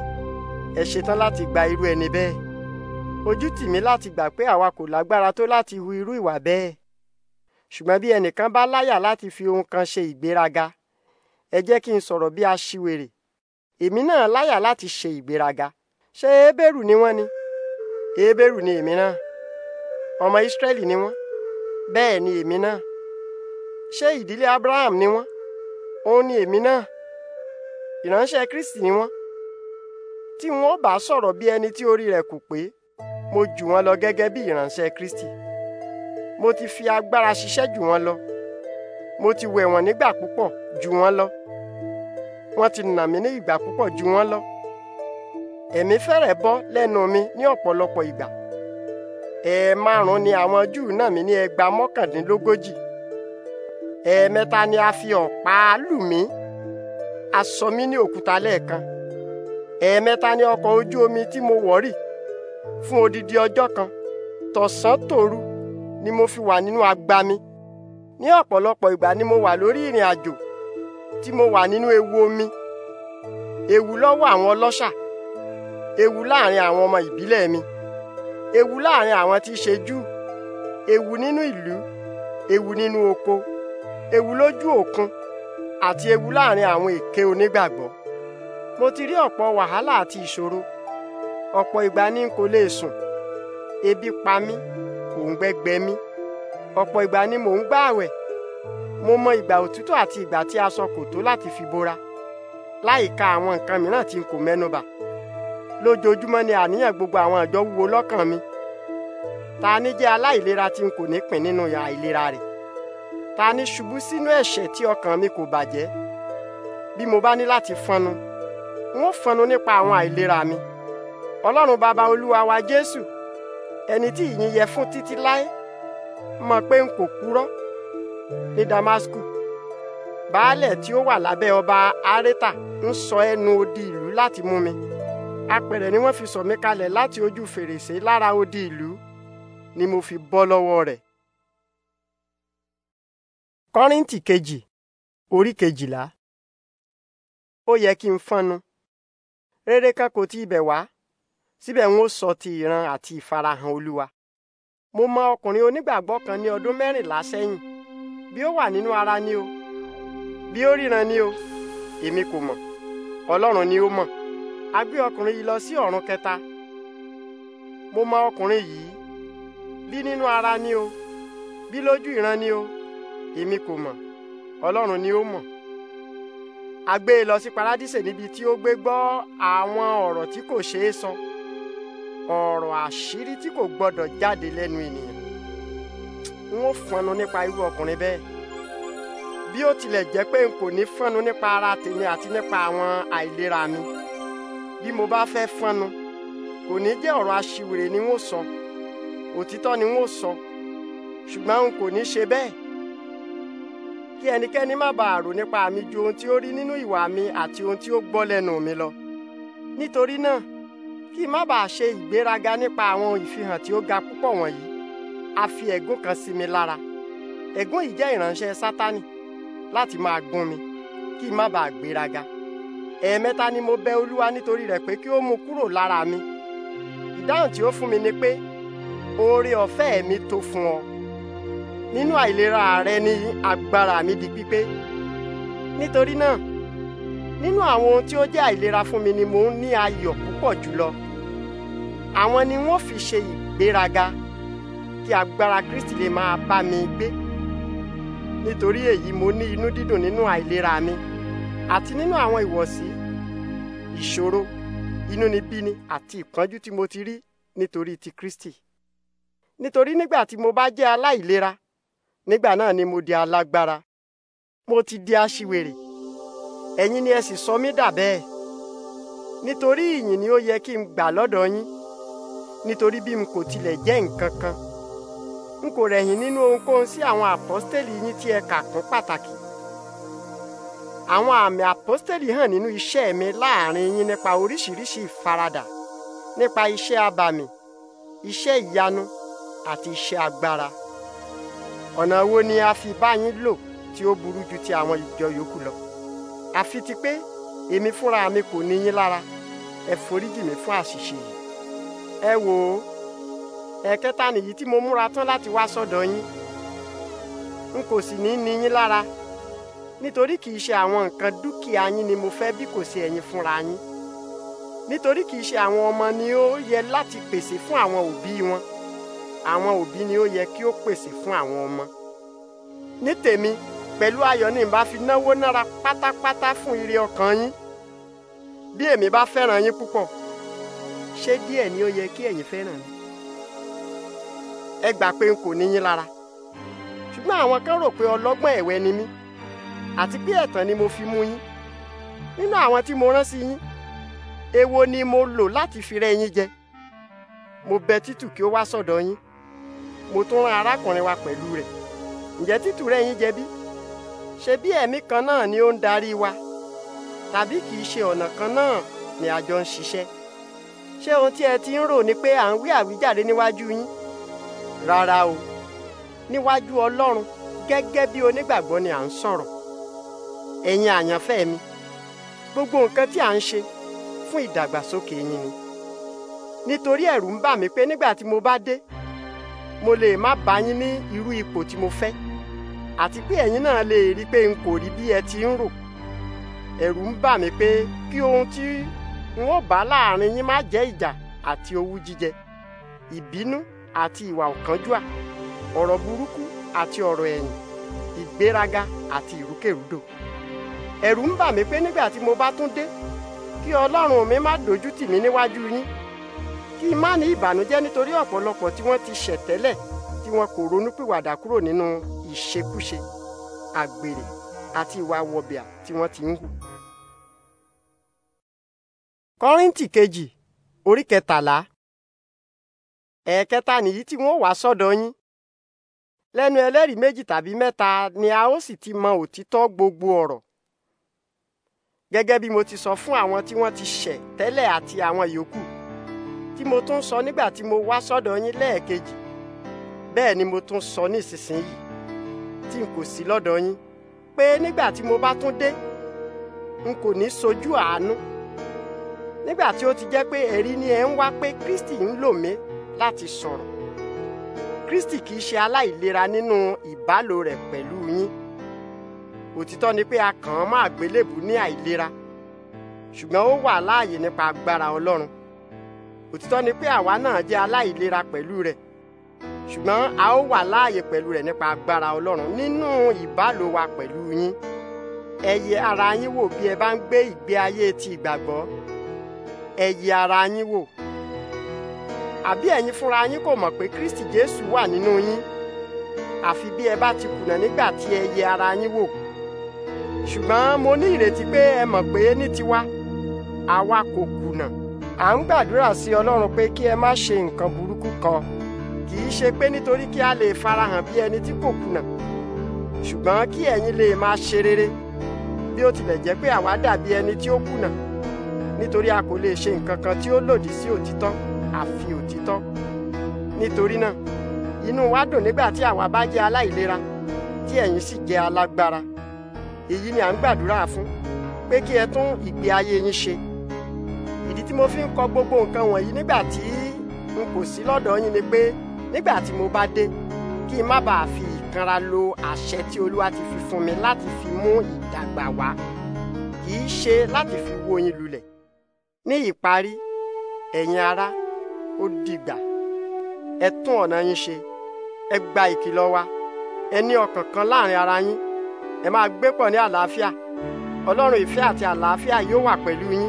ẹ ṣetán láti gba irú ẹni bẹ́ẹ̀ ojú tì mí láti gbà pé àwa kò lágbára tó láti hu irú ìwà bẹ́ẹ̀ ṣùgbọ́n bí ẹnìkan bá láyà láti fi ohun kan ṣe ìgbéraga ẹ jẹ́ kí n sọ̀rọ̀ bí aṣiwèrè èmi náà láyà láti ṣe ìgbéraga ṣé ebéèrù ni wọ́n ni ebéèrù ni èmi náà ọmọ Ísírẹ́lì ni wọ́n bẹ́ẹ̀ ni èmi náà ṣé ìdílé Abraham ni wọ́n òun ni èmi náà ìránṣẹ́ Kristi ni wọ́n tí wọn ó bá sọ̀rọ̀ bí ẹni tí orí rẹ̀ kò pé mo jù wọn lọ gẹ́gẹ́ bí ìránṣẹ́ Kristi mo ti fi agbára ṣiṣẹ́ jù wọn lọ mo ti wẹ̀ wọ́n nígbà púpọ̀ jù wọn lọ wọ́n ti nà mí ní ìgbà púpọ̀ jù wọn lọ ẹ̀mí fẹ́rẹ̀ bọ́ lẹ́nu mi ní ọ̀pọ̀lọpọ̀ ìgbà ẹ̀ẹ̀márùn ni àwọn Júù náà mí ní ẹgbàá E ẹ̀ẹ̀mẹ́ta ni a fi ọ̀pá lù mí a sọ mí ní òkúta lẹ́ẹ̀kan ẹ̀ẹ̀mẹ́ta ni ọkọ̀ ojú omi tí mo wọ̀ rì fún odidi ọjọ́ kan tọ̀sán tòru ni mo fi wà nínú agbami ní ọ̀pọ̀lọpọ̀ ìgbà ni mo wà lórí ìrìn àjò tí mo wà nínú ewu omi ewu lọ́wọ́ àwọn ọlọ́ṣà ewu láàrin àwọn ọmọ ìbílẹ̀ mi ewu láàrin àwọn tí í ṣe Júù ewu nínú ìlú ewu nínú oko ewu lójú òkun àti ewu láàrin àwọn èké onígbàgbọ́ mo ti rí ọ̀pọ̀ wàhálà àti ìṣòro ọ̀pọ̀ ìgbà ni n kò lè sùn ebi pa mí òǹgbẹ gbẹ mí ọ̀pọ̀ ìgbà ni mò ń gbààwẹ̀ mo mọ ìgbà òtútù àti ìgbà tí aṣọ kò tó láti fi bora láìka àwọn nǹkan mìíràn tí n kò mẹ́nubà. No lójoojúmọ́ ni àníyàn gbogbo àwọn ìjọ wúwo lọ́kàn mi ta ni jẹ́ aláìlera tí n kò ní pín nínú àìlera rẹ̀ ta ni ṣubú sínú ẹ̀ṣẹ̀ tí ọkàn mi kò bàjẹ́ bí mo bá ní láti fọnu n ó fọnu nípa àwọn àìlera mi ọlọ́run bàbá olúwa wa jésù ẹni tí ìyìn yẹ fún títí láé mọ̀ pé n kò kúrọ́ ní damasku baálẹ̀ tí ó wà lábẹ́ ọba Areta ń sọ ẹnu odi ìlú láti mú mi. apẹ̀rẹ̀ ni wọ́n fi sọ̀ mí kalẹ̀ láti ojú fèrèsé lára odi ìlú ni mo fi bọ́ lọ́wọ́ rẹ̀. kọ́rìntì kejì orí kejìlá ó yẹ kí n fọ́nnu rere kan kò ti ibẹ̀ wá síbẹ̀ ń ó sọ ti ìran àti ìfarahàn olúwa mo mọ ọkùnrin onígbàgbọ́ kan ní ọdún mẹ́rìnlá sẹ́yìn bí ó wà nínú ara ni o bí ó ríran ni o èmi kò mọ̀ ọlọ́run ni ó mọ̀ a gbé ọkùnrin yìí lọ sí ọ̀run kẹta mo mọ ọkùnrin yìí bí nínú ara ni o bí lójú ìran ni o èmi kò mọ̀ ọlọ́run ni ó mọ̀ a gbé e lọ sí paradíṣe níbi tí ó gbé gbọ́ àwọn ọ̀rọ̀ tí kò ṣeé sọ ọ̀rọ̀ àṣírí tí kò gbọdọ̀ jáde lẹ́nu ènìyàn n ó fọnnu nípa irú ọkùnrin bẹ́ẹ̀ bí ó tilẹ̀ jẹ́ pé n kò ní fọnnu nípa ara tèmi àti nípa àwọn àìlera mi bí mo bá fẹ́ fọ́nnu kò ní jẹ́ ọ̀rọ̀ aṣiwèrè ni wọ́n sọ òtítọ́ ni wọ́n sọ ṣùgbọ́n n kò ní ṣe bẹ́ẹ̀ kí ẹnikẹ́ni má bàa rò nípa mi ju ohun tí ó rí nínú ìwà mi àti ohun tí ó gbọ́ lẹ́nu mi lọ nítorí náà kí má bàa ṣe ìgbéraga nípa àwọn ìfihàn tí ó ga púpọ̀ wọ̀nyí a fi ẹ̀gún kan sí mi lára ẹ̀gún yìí jẹ́ ìránṣẹ́ sátánì láti máa gún mi kí má bàa gbéraga ẹ̀ẹ̀mẹ́ta ni mo bẹ olúwa nítorí rẹ̀ pé kí ó mú kúrò lára mi ìdáhùn tí ó fún mi ni pé oore ọ̀fẹ́ mi tó fún ọ nínú àìlera rẹ ni agbára mi di pípé nítorí náà nínú àwọn ohun tí ó jẹ́ àìlera fún mi ni mò ń ní ayọ̀ púpọ̀ jùlọ àwọn ni wọ́n fi ṣe ìgbéraga kí agbára Kristi lè máa bá mi gbé nítorí èyí mo ní inú dídùn nínú àìlera mi àti nínú àwọn ìwọ̀sí ìṣòro inúnibíni àti ìpọ́njú tí mo ti rí nítorí ti Kristi nítorí nígbà tí mo bá jẹ́ aláìlera nígbà náà ni mo di alágbára mo ti di aṣiwèrè ẹ̀yin ni ẹ sì sọ mí dà bẹ́ẹ̀ nítorí ìyìn ni ó yẹ kí n gbà lọ́dọ̀ yín nítorí bí n kò tilẹ̀ jẹ́ nǹkan kan n kò rẹ̀yìn nínú ohunkóhun sí àwọn àpọ́stélì yín tí ẹ kà kún pàtàkì àwọn àmì àpọ́stélì hàn nínú iṣẹ́ mi láàrin yín nípa oríṣiríṣi ìfaradà nípa iṣẹ́ abàmì iṣẹ́ ìyanu àti iṣẹ́ agbára ọ̀nà wo ni a fi bá yín lò tí ó burú ju ti àwọn ìjọ yòókù lọ àfi ti pé èmi fúnra mi kò ní yín lára ẹ foríjì mi fún àṣìṣe yìí ẹ wò ó ẹ̀kẹta nìyí tí mo múra tán láti wá sọ́dọ̀ yín n kò sì ní ní yín lára nítorí kìí ṣe àwọn nǹkan dúkìá yín ni mo fẹ́ bí kò ṣe ẹ̀yin fúnra yín nítorí kìí ṣe àwọn ọmọ ni ó yẹ láti pèsè fún àwọn òbí wọn àwọn òbí ni ó yẹ kí ó pèsè fún àwọn ọmọ ní tèmi pẹ̀lú ayọ̀ ni ìbá fi náwó nára pátápátá fún ire ọkàn yín bí èmi bá fẹ́ràn yín púpọ̀ ṣé díẹ̀ ni ó yẹ kí ẹ̀yin fẹ́ràn mi ẹ gbà pé n kò níyín lára ṣùgbọ́n àwọn kan rò pé ọlọ́gbọ́n ẹ̀wẹ́ ni mí àti pé ẹ̀tàn ni mo fi mú yín nínú àwọn tí mo rán sí yín èwo ni mo lò láti fi rẹ́ yín jẹ mo bẹ títù kí ó wá sọ́dọ̀ yín mo tún rán arákùnrin wa pẹ̀lú rẹ̀ ǹjẹ́ títù rẹ́ yín jẹ bí ṣe bí ẹ̀mí kan náà ni ó ń darí wa tàbí kì í ṣe ọ̀nà kan náà ni a jọ ń ṣiṣẹ́ ṣé ohun tí ẹ ti ń rò ni pé à ń wí àwíjàre níwájú yín rárá o níwájú Ọlọ́run gẹ́gẹ́ bí onígbàgbọ́ ni à ń sọ̀rọ̀ ẹ̀yin àyànfẹ́ mi gbogbo nǹkan tí à ń ṣe fún ìdàgbàsókè yín ni nítorí ẹ̀rù ń bà mí pé nígbà tí mo bá dé mo lè má bá yín ní irú ipò tí mo fẹ́ àti pé ẹ̀yin náà lè rí i pé n kò rí bí ẹ ti ń rò ẹ̀rù ń bà mí pé kí ohun tí n ó bá láàrin yín má jẹ́ ìjà àti owú jíjẹ ìbínú àti ìwà ọ̀kánjúà ọ̀rọ̀ burúkú àti ọ̀rọ̀ ẹ̀yìn ìgbéraga àti ìrúkèrúdò ẹ̀rù ń bà mí pé nígbà tí mo bá tún dé kí ọlọ́run mi má dojú tì mí níwájú yín kí n má ní ìbànújẹ́ nítorí ọ̀pọ̀lọpọ̀ tí wọ́n ti ṣẹ̀ tẹ́lẹ̀ tí wọn kò ronúpìwàdà kúrò nínú ìṣekúṣe àgbèrè àti ìwà wọ̀bìà tí wọ́n ti ń hù. kọ́ríntì kejì orí kẹtàlá ẹ̀ẹ̀kẹta nìyí tí wọ́n wá sọ́dọ̀ yín lẹ́nu ẹlẹ́rìí méjì tàbí mẹ́ta ni a ó sì ti mọ òtítọ́ gbogbo ọ̀rọ̀ gẹ́gẹ́ bí mo ti sọ fún àwọn tí wọ́n ti ṣẹ̀ tẹ́lẹ̀ àti àwọn yòókù tí mo tún sọ nígbà tí mo wá sọ́dọ̀ yín lẹ́ẹ̀kejì bẹ́ẹ̀ ni mo tún sọ ní ìsinsìnyí tí n kò sí lọ́dọ̀ yín pé nígbà tí mo bá tún dé n kò ní sojú àánú nígbà tí ó ti jẹ́ pé ẹ̀rí ni ẹ̀ ń wá pé Kristi ń lò mí láti sọ̀rọ̀ Kristi kì í ṣe aláìlera nínú ìbálò rẹ̀ pẹ̀lú yín òtítọ́ ni pé a kàn án máa gbélébù ní àìlera ṣùgbọ́n ó wà láàyè nípa agbára ọlọ́run òtítọ́ ni pé àwa náà jẹ́ aláìlera pẹ̀lú rẹ̀ ṣùgbọ́n a ó wà láàyè pẹ̀lú rẹ̀ nípa agbára ọlọ́run nínú ìbálò wa pẹ̀lú yín ẹ yẹ ara yín wò bí ẹ bá ń gbé ìgbé ayé ti ìgbàgbọ́ ẹ yẹ ara yín wò àbí ẹ̀yin fúnra yín kò mọ̀ pé Kristi Jésù wà nínú yín àfi bí ẹ bá ti kùnà nígbà tí ẹ ara yín wò ṣùgbọ́n mo ní ìrètí pé ẹ mọ̀ pé ní tiwa àwa kò kùnà à ń gbàdúrà sí ọlọ́run pé kí ẹ má ṣe nǹkan burúkú kan kì í ṣe pé nítorí kí a lè farahàn bí ẹni tí kò kùnà ṣùgbọ́n kí ẹ̀yin lè máa ṣe rere bí ó tilẹ̀ jẹ́ pé àwa dàbí ẹni tí ó kùnà nítorí a kò lè ṣe nǹkan kan tí ó lòdì sí òtítọ́ àfi òtítọ́ nítorí náà inú wa dùn nígbà tí àwa bá jẹ́ aláìlera tí ẹ̀yin sì jẹ́ alágbára èyí ni à ń gbàdúrà fún pé kí ẹ tún ìgbé ayé yín ṣe ìdí tí mo fi ń kọ gbogbo nǹkan wọ̀nyí nígbà tí n kò sí lọ́dọ̀ yín ni pé nígbà tí mo bá dé kí n má bàa fi ìkanra lo àṣẹ tí olúwa ti fi fún mi láti fi mú ìdàgbà wá kì í ṣe láti fi wó yín lulẹ̀ ní ìparí ẹ̀yin ará ó dìgbà ẹ tún ọ̀nà yín ṣe ẹ gba ìkìlọ̀ wa ẹ ní ọkàn kan láàrin ara yín ẹ máa gbé pọ̀ ní àlàáfíà ọlọ́run ìfẹ́ àti àlàáfíà yóò wà pẹ̀lú yín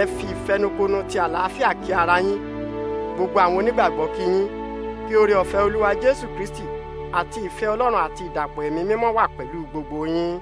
ẹ fi ìfẹnukonu ti àlàáfíà kí ara yín gbogbo àwọn onígbàgbọ́ kí yín kí oore ọ̀fẹ́ olúwa jésù kristi àti ìfẹ́ ọlọ́run àti ìdàpọ̀ ẹ̀mí mímọ́ wà pẹ̀lú gbogbo yín.